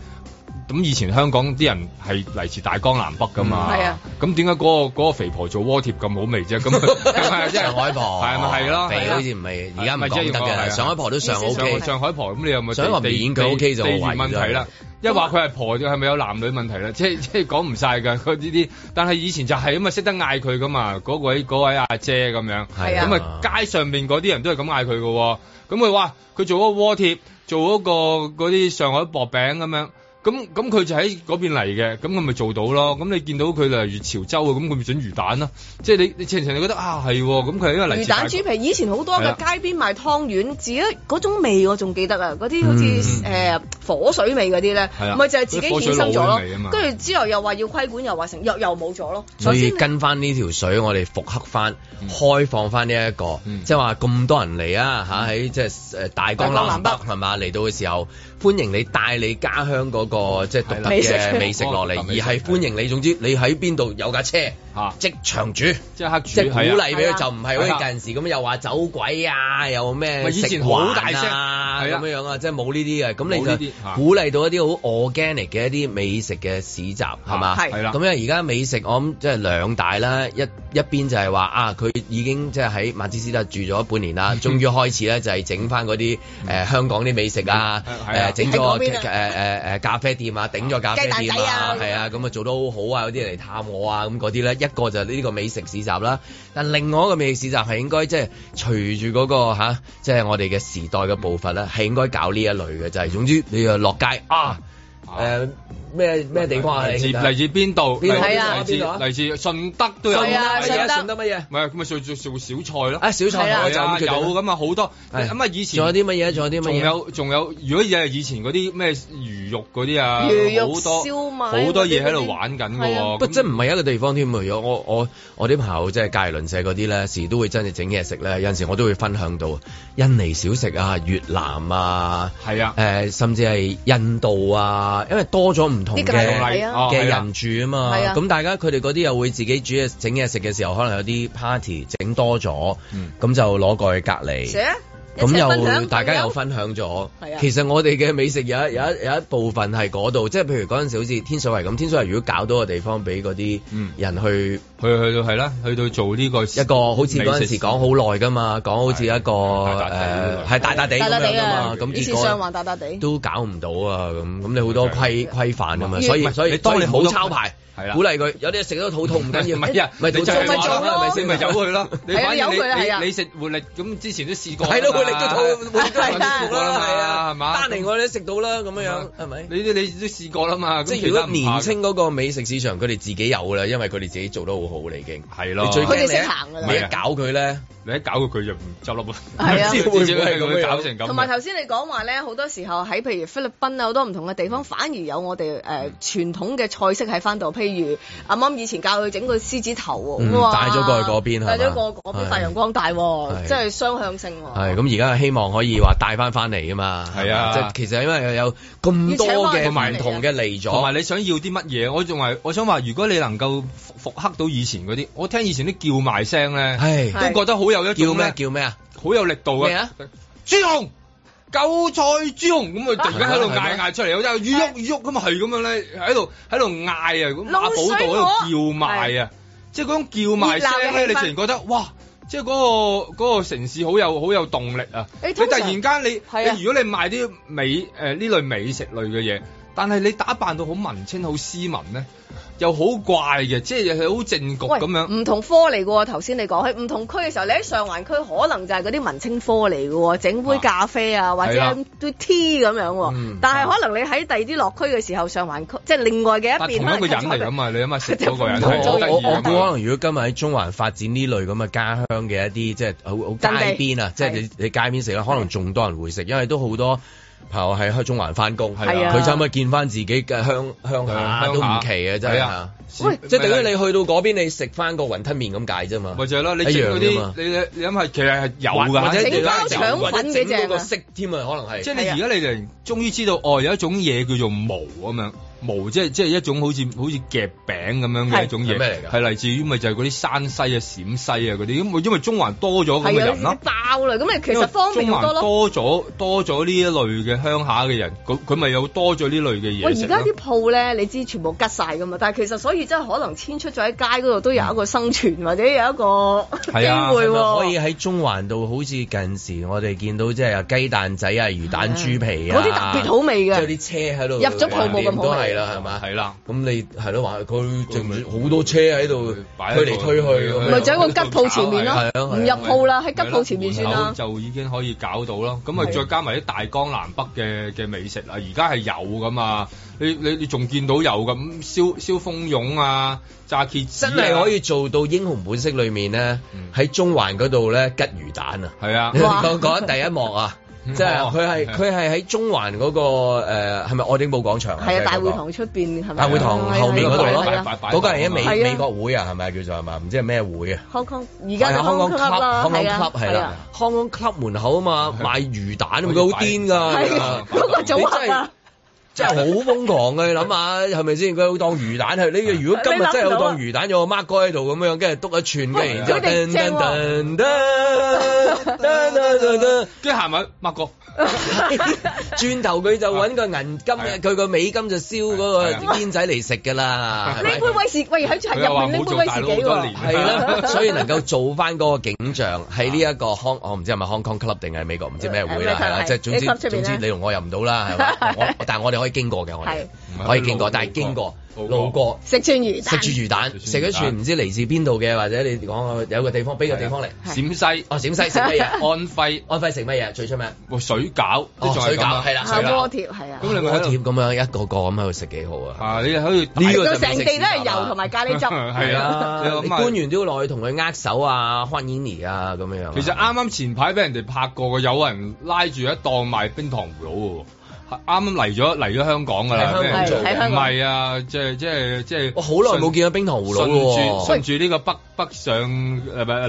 咁以前香港啲人係嚟自大江南北噶嘛。係、嗯、啊。咁點解嗰個、那個肥婆做鍋貼咁好味啫？咁， *laughs* *laughs* 上海婆係咪係咯？肥好似唔係而家唔係真嘅。上海婆都上、啊 okay 上，啊、上海婆咁你又咪、啊？想話、啊、演佢 O K 就為咗。 *laughs* *laughs* 一話佢係婆，就係咪有男女問題咧？即係即係講唔晒噶，佢呢啲。但係以前就係咁啊，識得嗌佢噶嘛？嗰位嗰位阿姐咁樣，咁啊，街上面嗰啲人都係咁嗌佢噶喎。咁佢話佢做嗰個鍋貼，做嗰個嗰啲上海薄餅咁樣。咁咁佢就喺嗰邊嚟嘅，咁佢咪做到咯。咁你見到佢嚟潮州嘅，咁佢咪准魚蛋咯、啊。即係你你成成覺得啊係，咁佢係個嚟自魚蛋豬皮，以前好多嘅、啊、街邊賣湯圓，自己嗰種味我仲記得啊，嗰啲好似、嗯呃、火水味嗰啲咧，唔係、啊、就係自己衍生咗咯。跟住之後又話要規管又，又話成又又冇咗咯。所以跟翻呢條水，我哋復刻翻、嗯，開放翻呢一個，即係話咁多人嚟啊嚇喺即係大江南北係嘛嚟到嘅時候，歡迎你帶你家鄉嗰、嗰個。個即係獨特嘅美食落嚟，而係歡迎你。總之你喺邊度有架車，即場主即係黑主，即係鼓勵俾佢，就唔係好似近時咁又話走鬼啊，又咩食玩啊，以前好大聲係、啊、咁樣是啊，即係冇呢啲嘅，咁你就鼓勵到一啲好 organic 嘅一啲美食嘅市集，係嘛，啊？係啦。咁樣而家美食，我諗即係兩大啦，一一邊就係話啊，佢已經即係喺曼芝斯特住咗半年啦，終、嗯、於開始咧就係整翻嗰啲誒香港啲美食，嗯、啊，整咗誒誒咖啡店啊，頂咗咖啡店啊，係啊，咁啊做得好好啊，有啲嚟探我啊，咁嗰啲咧，一個就呢個美食市集啦。但另外一個美食市集係應該即係隨住嗰個吓即係我哋嘅時代嘅步伐啦。嗯係應該搞呢一類嘅，就係總之你啊落街啊！誒咩咩地方係嚟自嚟自邊度？係啊，嚟自嚟、啊、自順德都有。係啊，順德順德乜嘢？唔係咁咪做做小菜咯。啊，小菜有有咁啊，好、啊、多咁啊，以前仲有啲乜嘢？仲有啲乜嘢？仲有仲有，如果以前嗰啲咩魚肉嗰啲啊，魚肉燒賣好多嘢喺度玩緊嘅、啊。不真唔係一個地方添。如果我我我啲朋友即係界怡鄰社嗰啲咧，時都會真係整嘢食咧。有陣時我都會分享到印尼小食啊、越南啊，係啊，誒、呃、甚至係印度啊。因為多咗唔同嘅嘅人住啊嘛，咁、哦啊、大家佢哋嗰啲又會自己煮嘢整嘢食嘅時候，可能有啲 party 整多咗，咁、嗯、就攞過去隔離。咁又大家又分享咗、啊，其實我哋嘅美食有一有一有一部分係嗰度，即係譬如嗰陣時好似天水圍咁，天水圍如果搞到個地方俾嗰啲人去，去、嗯、去到係啦，去到做呢個一個好似嗰陣時講好耐㗎嘛，講好似一個誒係大笪地，大笪地啊嘛，咁以前上環大笪地都搞唔到啊，咁咁你好多規規範啊嘛，所以你你所以當你好抄牌。鼓勵佢有啲食都肚痛唔緊要，唔 *laughs* 係啊，唔係咪先咪由佢咯。係 *laughs* 啊，由佢啦！你食活力咁之前都試過係咯，佢、啊啊、力都肚好舒係啊，係嘛。單嚟我哋都食到啦，咁樣樣係咪？你你都試過啦、啊啊、嘛。即係如果年輕嗰個美食市場，佢哋自己有啦，因為佢哋自己做得好好啦已經。係咯、啊，佢哋識行㗎喇。你一搞佢咧，你一搞佢，佢就執笠啦。係啊，搞成咁。同埋頭先你講話咧，好多時候喺譬如菲律賓啊好多唔同嘅地方，反而有我哋誒傳統嘅菜式喺翻度，例如阿媽以前教佢整個獅子頭，帶咗過去嗰邊，帶咗過去嗰邊發揚光大，即係雙向性。係咁而家希望可以話帶翻翻嚟啊嘛，係 *laughs* 啊，即係其實因為有咁多嘅同唔同嘅嚟咗，同埋你想要啲乜嘢？我仲係我想話，如果你能夠復刻到以前嗰啲，我聽以前啲叫賣聲咧，係都覺得好有一種叫咩叫咩啊，好有力度嘅。啊？朱紅。韭菜豬紅，咁佢突然間喺度嗌，嗌出嚟，好似喐喐咁啊，係咁、就是、樣咧，喺度喺度嗌啊，咁馬寶道喺度叫賣啊，即係嗰種叫賣聲咧，你突然覺得哇！即係嗰個嗰、那個城市好有好有動力啊！你突然間你你如果你賣啲美誒呢、呃、類美食類嘅嘢，但係你打扮到好文青好斯文咧。又好怪嘅，即係佢好正局咁樣。唔同科嚟嘅喎，頭先你講喺唔同區嘅時候，你喺上環區可能就係嗰啲文青科嚟嘅喎，整杯咖啡啊，啊或者杯 tea 咁樣。但係可能你喺第二啲落區嘅時候，上環區即係另外嘅一邊。同一個人嚟咁啊！你諗下食嗰個人。我我估可能如果今日喺中環發展呢類咁嘅家鄉嘅一啲，即係好好街邊啊！即係你你街邊食啦，可能仲多人會食，因為都好多。係喺中環翻工，佢差唔多見翻自己嘅鄉鄉下，啊、都唔奇嘅，啊啊、真係。喂、啊，即係等於你去到嗰邊，啊、邊，你食翻個雲吞麵咁解啫嘛。咪就係咯，你啲，你你你諗下其實係有㗎，或者你腸粉嘅正。色添啊，可能係，啊。即係你而家你就終於知道，哦，有一種嘢叫做毛咁樣。冇，即係即係一種好似好似夾餅咁樣嘅一種嘢，咩嚟㗎？係嚟自於咪就係嗰啲山西啊、陝西啊嗰啲，咁因為中環多咗咁嘅人啦、啊，爆啦，咁咪其實方便好多咯。多咗多咗呢一類嘅鄉下嘅人，佢咪有多咗呢類嘅嘢。而家啲鋪咧，你知全部吉晒噶嘛？但係其實所以真係可能遷出咗喺街嗰度，都有一個生存或者有一個機會。嗯 *laughs* 是啊、 *laughs* 是是可以喺中環度，好似近時我哋見到，即係有雞蛋仔啊、魚蛋、啊、豬皮啊，嗰啲特別好味嘅。即啲車喺度入咗鋪冇咁好。係、啊、啦，係嘛？係啦，咁你係咯，話佢仲好多車喺度擺推嚟，推去，咪就喺個吉鋪前面咯，唔、啊啊啊啊、入鋪啦，喺吉鋪前面算啦。啊啊、就已經可以搞到咯，咁啊再加埋啲大江南北嘅嘅美食啊，而家係有噶嘛？你你你仲見到有咁燒燒蜂蛹啊、炸茄，、啊、真係可以做到英雄本色裏面咧，喺中環嗰度咧吉魚蛋啊，係啊，我講 *laughs* 第一幕啊。即係佢係佢係喺中環嗰、那個誒係咪愛丁堡廣場啊？係啊，大會堂出邊係咪？大會堂後面嗰度咯，嗰間係一美、啊、美國會啊，係咪叫做係咪？唔知係咩會啊？Hong Kong 而家 Hong Kong club，Hong Kong club 係啦、啊，Hong Kong、啊 club，啊啊、club 門口嘛啊嘛、啊，買魚蛋，佢好癲㗎，嗰、啊那個組合 *laughs* 真係好瘋狂嘅，你諗下係咪先？佢好當魚蛋呢你、呢個。如果今日真係好當魚蛋，有個 mark 哥喺度咁樣，跟住篤一串，跟住然之後噔噔噔噔噔噔噔，跟住行埋 mark 哥。轉頭佢就揾個銀金，佢個美金就燒嗰個煙仔嚟食㗎啦。你會喂食喂喺入面，你會喂自係啦，所以能夠做翻嗰個景象，喺呢一個我唔知係咪 Hong Kong Club 定係美國唔知咩會啦，係啦，即係總之總之你同我入唔到啦，係嘛？我但係我哋可以。經過嘅我哋可以經過，是是過但係經過路過，路過，路過食串魚，魚蛋，食串魚蛋食咗串唔知嚟自邊度嘅，或者你講有個地方，畀個地方嚟、啊？陝西哦，陝西食乜嘢？ *laughs* 安徽安徽食乜嘢？最出名？哦、水餃、哦、水餃係啦，鍋貼係啊，咁你個鍋貼咁樣一個一個咁喺度食幾好啊！啊你喺度呢個就成地都係油同埋咖喱汁，係啊，官員都要落去同佢握手啊，歡迎啊咁樣，其實啱啱前排俾人哋拍過嘅，有人拉住一檔賣冰糖葫蘆。啱啱嚟咗嚟咗香港噶啦，喺香港唔係啊，即係即係即係我好耐冇見到冰糖葫蘆咯，順住順住呢個北北上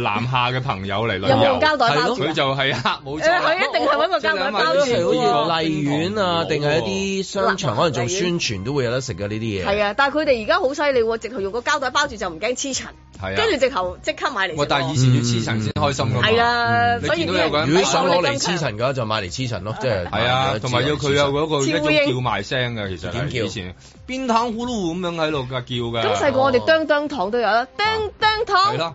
南下嘅朋友嚟旅遊，佢 *laughs* 就係黑冇錯，佢、欸、一定係揾個膠袋包住、欸、好似麗苑啊，定係一啲商場可能做宣傳都會有得食嘅呢啲嘢。係啊，但係佢哋而家好犀利喎，直頭用個膠袋包住就唔驚黐塵。係、啊，跟住直頭即刻買嚟。我但係以前要黐塵先開心㗎嘛。係、嗯、啦，所以、啊、如果想攞嚟黐塵嘅話就、嗯，就是、買嚟黐塵咯。即係，係啊，同、就、埋、是啊、要佢有嗰個一種叫賣聲嘅，其實以前叫邊糖葫蘆咁樣喺度嘅叫嘅。咁細個我哋叮叮糖都有啦，叮叮糖。刀刀刀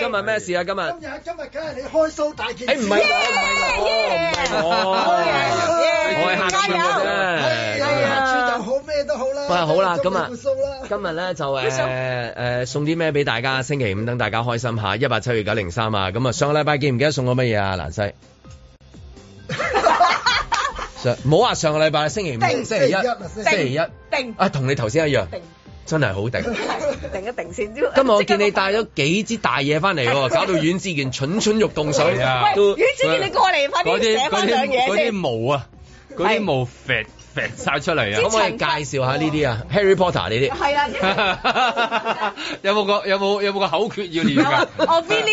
今日咩事啊？今日今日今日梗係你開數大件、啊，唔、哎、係、yeah! yeah! 我，我、yeah! 係客串啫，客串好咩、yeah, 都好啦。好啊，好好好好好好，今日咧就誒誒、呃、送啲咩俾大家？星期五等大家開心下，一八七月九零三啊。咁啊，上個禮拜記唔記得送過乜嘢啊？蘭西，上冇話上個禮拜星期五，星期一，星期一啊，同你頭先一樣。真係好定，定一定先。今日我見你帶咗幾支大嘢翻嚟喎，搞到阮志賢蠢蠢欲動上嚟啊喂，阮志賢你過嚟快啲，寫翻兩嘢。嗰啲毛啊，嗰啲毛甩甩晒出嚟啊！可唔可以介紹下呢啲啊？Harry Potter 呢啲？係啊，有冇個有冇有冇個口訣要念㗎？o b i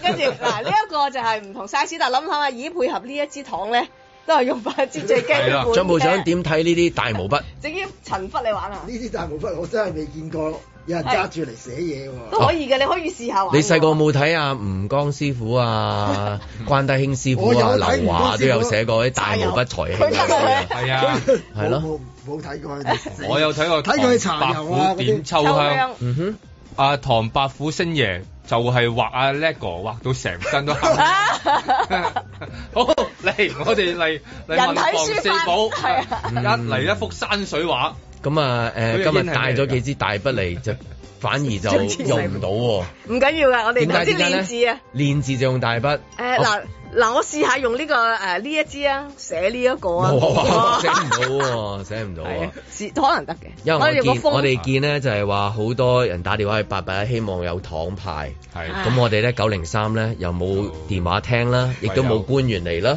跟住嗱呢一個就係唔同 size，但係諗下啊，以配合呢一支糖咧。都係用筷子最驚。張部長點睇呢啲大毛筆？整啲塵筆你玩啊？呢 *laughs* 啲大毛筆我真係未見過有人揸住嚟寫嘢喎、啊啊。都可以嘅，你可以試下。你細個冇睇啊？吳江師傅啊、 *laughs* 關德興師傅啊、 *laughs* 劉華都有寫過啲大毛筆才氣嘅，係 *laughs* 是 *laughs* 是啊，係 *laughs* 咯。冇睇過， *laughs* *laughs* 過。我有睇過。睇佢茶油啊！點秋香？嗯哼。 *laughs* 阿、啊、唐伯虎星爺就係畫阿叻哥，畫到成身都黑。 *laughs* *laughs* 好嚟，我哋嚟嚟文房四寶，嚟、啊啊、一,一幅山水畫。咁、嗯、啊，誒、呃，今日帶咗幾支大筆嚟就。 *laughs* 反而就用唔到、啊，唔緊要噶，我哋點知練字啊呢？練字就用大筆。誒嗱嗱，我試下用呢、呢個誒呢、啊、一支啊，寫呢一個啊，冇寫唔到喎，寫唔到，啊 *laughs* 寫唔到啊。可能得嘅。因為我哋我哋見呢，就係話好多人打電話去八八，希望有糖派。咁我哋咧九零三咧又冇電話聽啦，亦都冇官員嚟啦。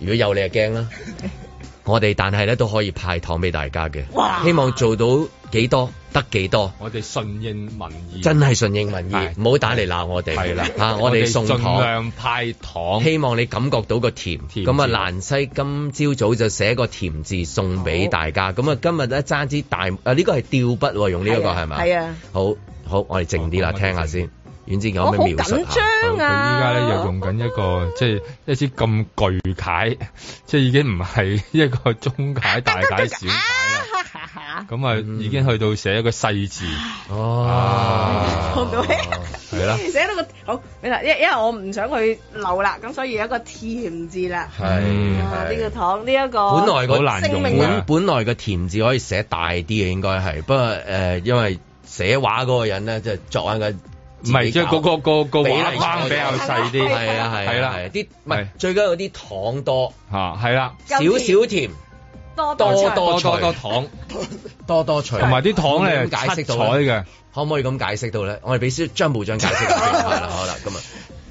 如果有你就驚啦！我哋但係咧都可以派糖俾大家嘅，希望做到幾多？得幾多？我哋順應民意，真係順應民意，唔好打嚟鬧我哋啦，我哋送糖，盡量派糖，希望你感覺到個甜。咁啊，蘭西今朝早就寫個甜字送俾大家。咁啊，今日咧揸支大啊，呢個係吊筆用呢、呢、一個係咪？係啊！好好，我哋靜啲啦，哦、聽下先。遠之講咩描述啊？我好緊張啊！依家咧又用緊一個即係一啲咁巨楷，即係已經唔係一個中楷、啊、大楷、小楷啦。咁啊，已經去到寫一個細字哦，係、嗯、啦，啊啊、 *laughs* 寫到一個好，因為因為我唔想去留啦，咁所以有一個甜字啦，係呢、啊呢個糖，呢、呢、一個本來好難用，本本來個甜字可以寫大啲嘅，應該係，不過、呃、因為寫畫嗰個人呢，就係、係、作文嘅，唔係即係個、嗰個個、嗰個畫框比較細啲，係啊係，係啦，啲唔係最緊要啲糖多嚇，係啦，少少甜。多多多多糖，多多除，同埋啲糖咧七彩嘅，可唔可以咁解釋到咧？我哋俾張部長解釋下啦， *laughs* 好啦，咁啊，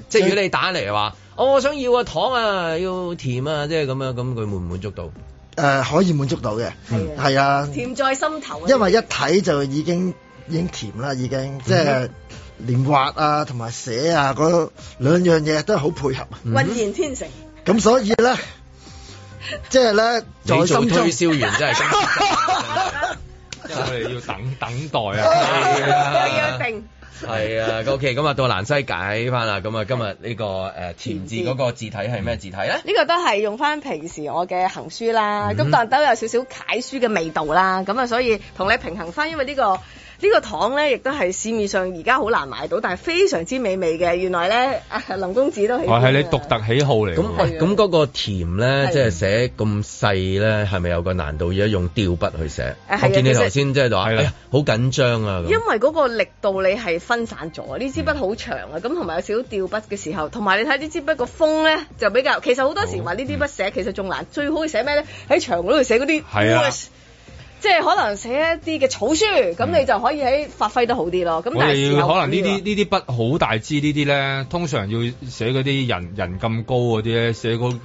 即係如果你打嚟話、哦，我想要個糖啊，要甜啊，即係咁樣，咁佢滿唔滿足到？誒、呃，可以滿足到嘅，係啊，甜在心頭，啊。因為一睇，就已經已經甜啦，已經即係、嗯就是、連畫啊，同埋寫啊，嗰兩樣嘢都係好配合，渾然天成。咁、嗯、所以咧。即係咧，心你做推銷員 *laughs* 真係，因為我哋要等等待啊。係 *laughs* 啊是的，又要定係啊。 *laughs* 是的 *laughs* OK，咁啊，到蘭西解翻啦。咁啊、這個，今日呢個誒填字嗰個字體係咩字體咧？呢、嗯，這個都係用翻平時我嘅行書啦。咁但係都有少少楷書嘅味道啦。咁啊，所以同你平衡翻，因為呢、這個。呢、這個糖咧，亦都係市面上而家好難買到，但係非常之美味嘅。原來咧，林公子都係，係、啊、係你獨特喜好嚟嘅。咁咁嗰個甜咧，即係、就是、寫咁細咧，係咪有個難度？而家用吊筆去寫，我見你頭先即係話，係好緊張啊！因為嗰個力度你係分散咗，呢支筆好長啊，咁同埋有少少吊筆嘅時候，同埋你睇呢支筆個風咧，就比較其實好多時話呢啲筆寫其實仲難，最好寫咩咧？喺牆嗰度寫嗰啲即係可能寫一啲嘅草書，咁你就可以喺發揮得好啲咯。咁、嗯、但係可能呢啲呢啲筆好大支呢啲咧，通常要寫嗰啲人人咁高嗰啲咧，寫嗰。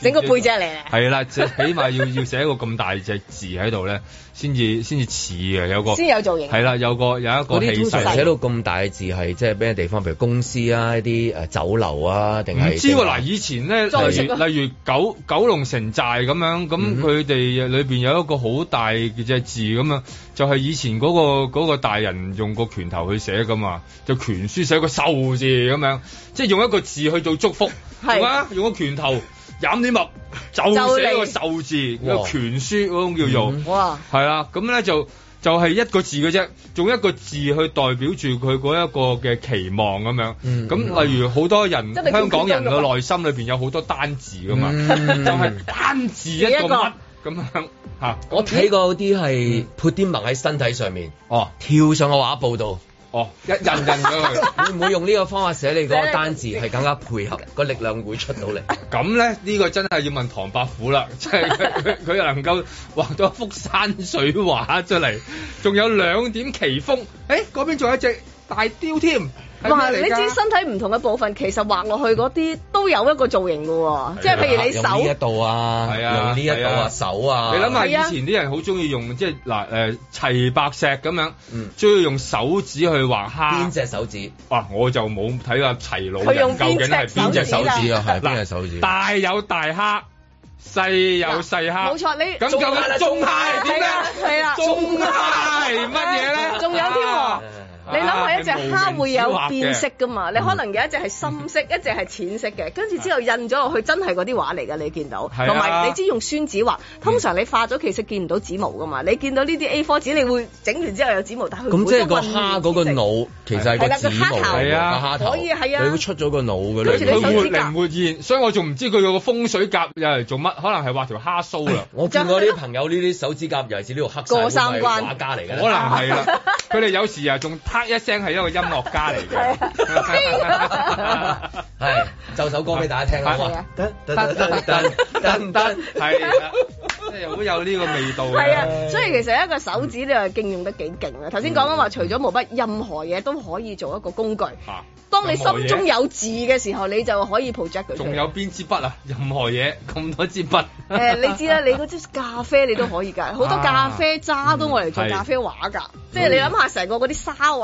整個背脊嚟，係啦，起碼要要寫一個咁大隻字喺度咧，先至先至似嘅，有，有個先有造型，啊，係啦，有個有一個氣勢寫到咁大嘅字，係即係咩地方？譬如公司啊，一啲酒樓啊，定係知喎嗱，啊？以前咧，例如例如九九龍城寨咁樣，咁佢哋裏面有一個好大嘅隻字咁樣，就係、是，以前嗰，那個嗰，那個、大人用個拳頭去寫噶嘛，就拳書寫個壽字咁樣，即、就、係、是、用一個字去做祝福，係嘛？用，啊、用個拳頭。飲啲墨就寫個壽字，個篆書嗰種叫做，哇，係啊，咁咧就就是、係一個字嘅啫，用一個字去代表住佢嗰一個嘅期望咁樣，咁、嗯、例如好多人、嗯、香港人嘅內心裏邊有好多單字噶嘛，嗯嗯、就係、是、單字一個，咁樣吓、嗯，我睇過啲係潑啲墨喺身體上面，哦、嗯，跳上個畫布度。哦，一印印咗佢， *laughs* 會唔會用呢個方法寫你嗰個單字係更加配合、個力量會出到嚟？咁咧呢、呢個真係要問唐伯虎啦，即係佢佢佢能夠畫到一幅山水畫出嚟，仲有兩點奇峰，誒、欸、嗰邊仲有一隻大雕添。你知身體唔同嘅部分，其實畫落去嗰啲都有一個造型嘅喎，即係、啊就是、譬如你手用呢一度啊，啊，用呢一度啊，啊手啊，啊你諗下，以前啲人好中意用即係嗱齊白石咁樣，中、嗯、意用手指去畫蝦，邊隻手指？哇我就冇睇過齊老佢用邊隻手指啊，係邊隻手指，啊 *laughs* 啊邊隻手指啊？大有大蝦，細有細蝦，冇錯，你咁究竟中蝦係點樣？係啦，中蝦係乜嘢咧？仲有添喎。你諗下，一隻蝦會有變色㗎嘛？你可能有一隻係深色，一隻係淺色嘅，跟住之後印咗落去，真係嗰啲畫嚟㗎。你見到，同埋、啊、你知用宣紙畫，通常你畫咗其實見唔到紙毛㗎嘛？你見到呢啲 A4 紙，你會整完之後有紙毛，但係佢。咁即係個蝦嗰個、啊啊啊、個腦其實係蝦頭，係啊，可以係啊，佢出咗個腦㗎你佢佢活靈活現，所以我仲唔知佢個風水甲又嚟做乜？可能係畫條蝦鬚啦、哎。我見我啲朋友呢啲手指甲，尤其是呢個黑過三關，可能係畫家嚟㗎。可能係啦，佢哋有時啊仲。啪一聲係一個音樂家嚟嘅 *laughs* 是、啊，係 *laughs* 奏首歌俾大家聽啊！噔噔噔噔噔噔，係、嗯、啊，即係好有呢個味道嘅。係、嗯嗯嗯嗯嗯嗯嗯嗯、啊，所以其實一個手指你係勁用得幾勁啊！頭先講緊話，除咗毛筆，任何嘢都可以做一個工具。嚇，當你心中有字嘅時候，你就可以 project 佢。仲有邊支筆啊？任何嘢咁多支筆。誒、 *laughs* 欸，你知啦，你嗰支咖啡你都可以㗎，好多咖啡渣都我嚟做咖啡畫㗎、啊嗯。即係你諗下，成個嗰啲沙畫。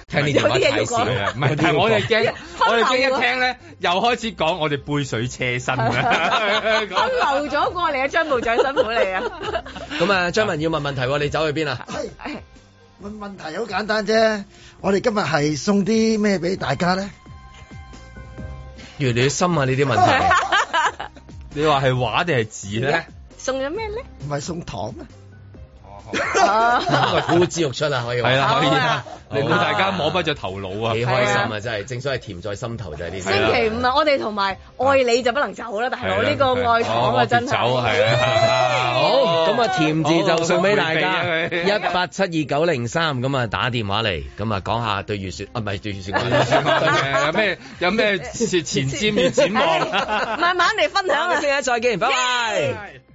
聽你有啲嘢要講，唔係，係我哋驚，我哋驚一聽咧，又開始講，我哋杯水車薪啊！我漏咗過嚟啊，張部長辛苦你啊 *laughs* ！咁啊，張文要問問題喎，啊、你走去邊啊、哎？問問題好簡單啫，我哋今日係送啲咩俾大家咧？越嚟越深啊！呢啲問題，你說是話係畫定係字咧？送咗咩咧？唔係送糖啊！啊！ *laughs* *laughs* 呼之欲出啊，可以、啊，係、哦、啦，可以，令到大家摸不着頭腦啊，幾、啊、開心啊，真係、啊，正所謂甜在心頭就係呢啲。星期五啊，我哋同埋愛你就不能走啦、啊，但係我呢個愛黨啊，哦、真係。走係啊！好，咁啊，甜字就送俾大家，一八七二九零三咁啊，打電話嚟，咁啊，講下對預算。啊，唔係對預算，我對預算有咩有咩前瞻與展望，慢慢嚟分享啊！咁先啊，再見，拜、yeah! 拜。Bye bye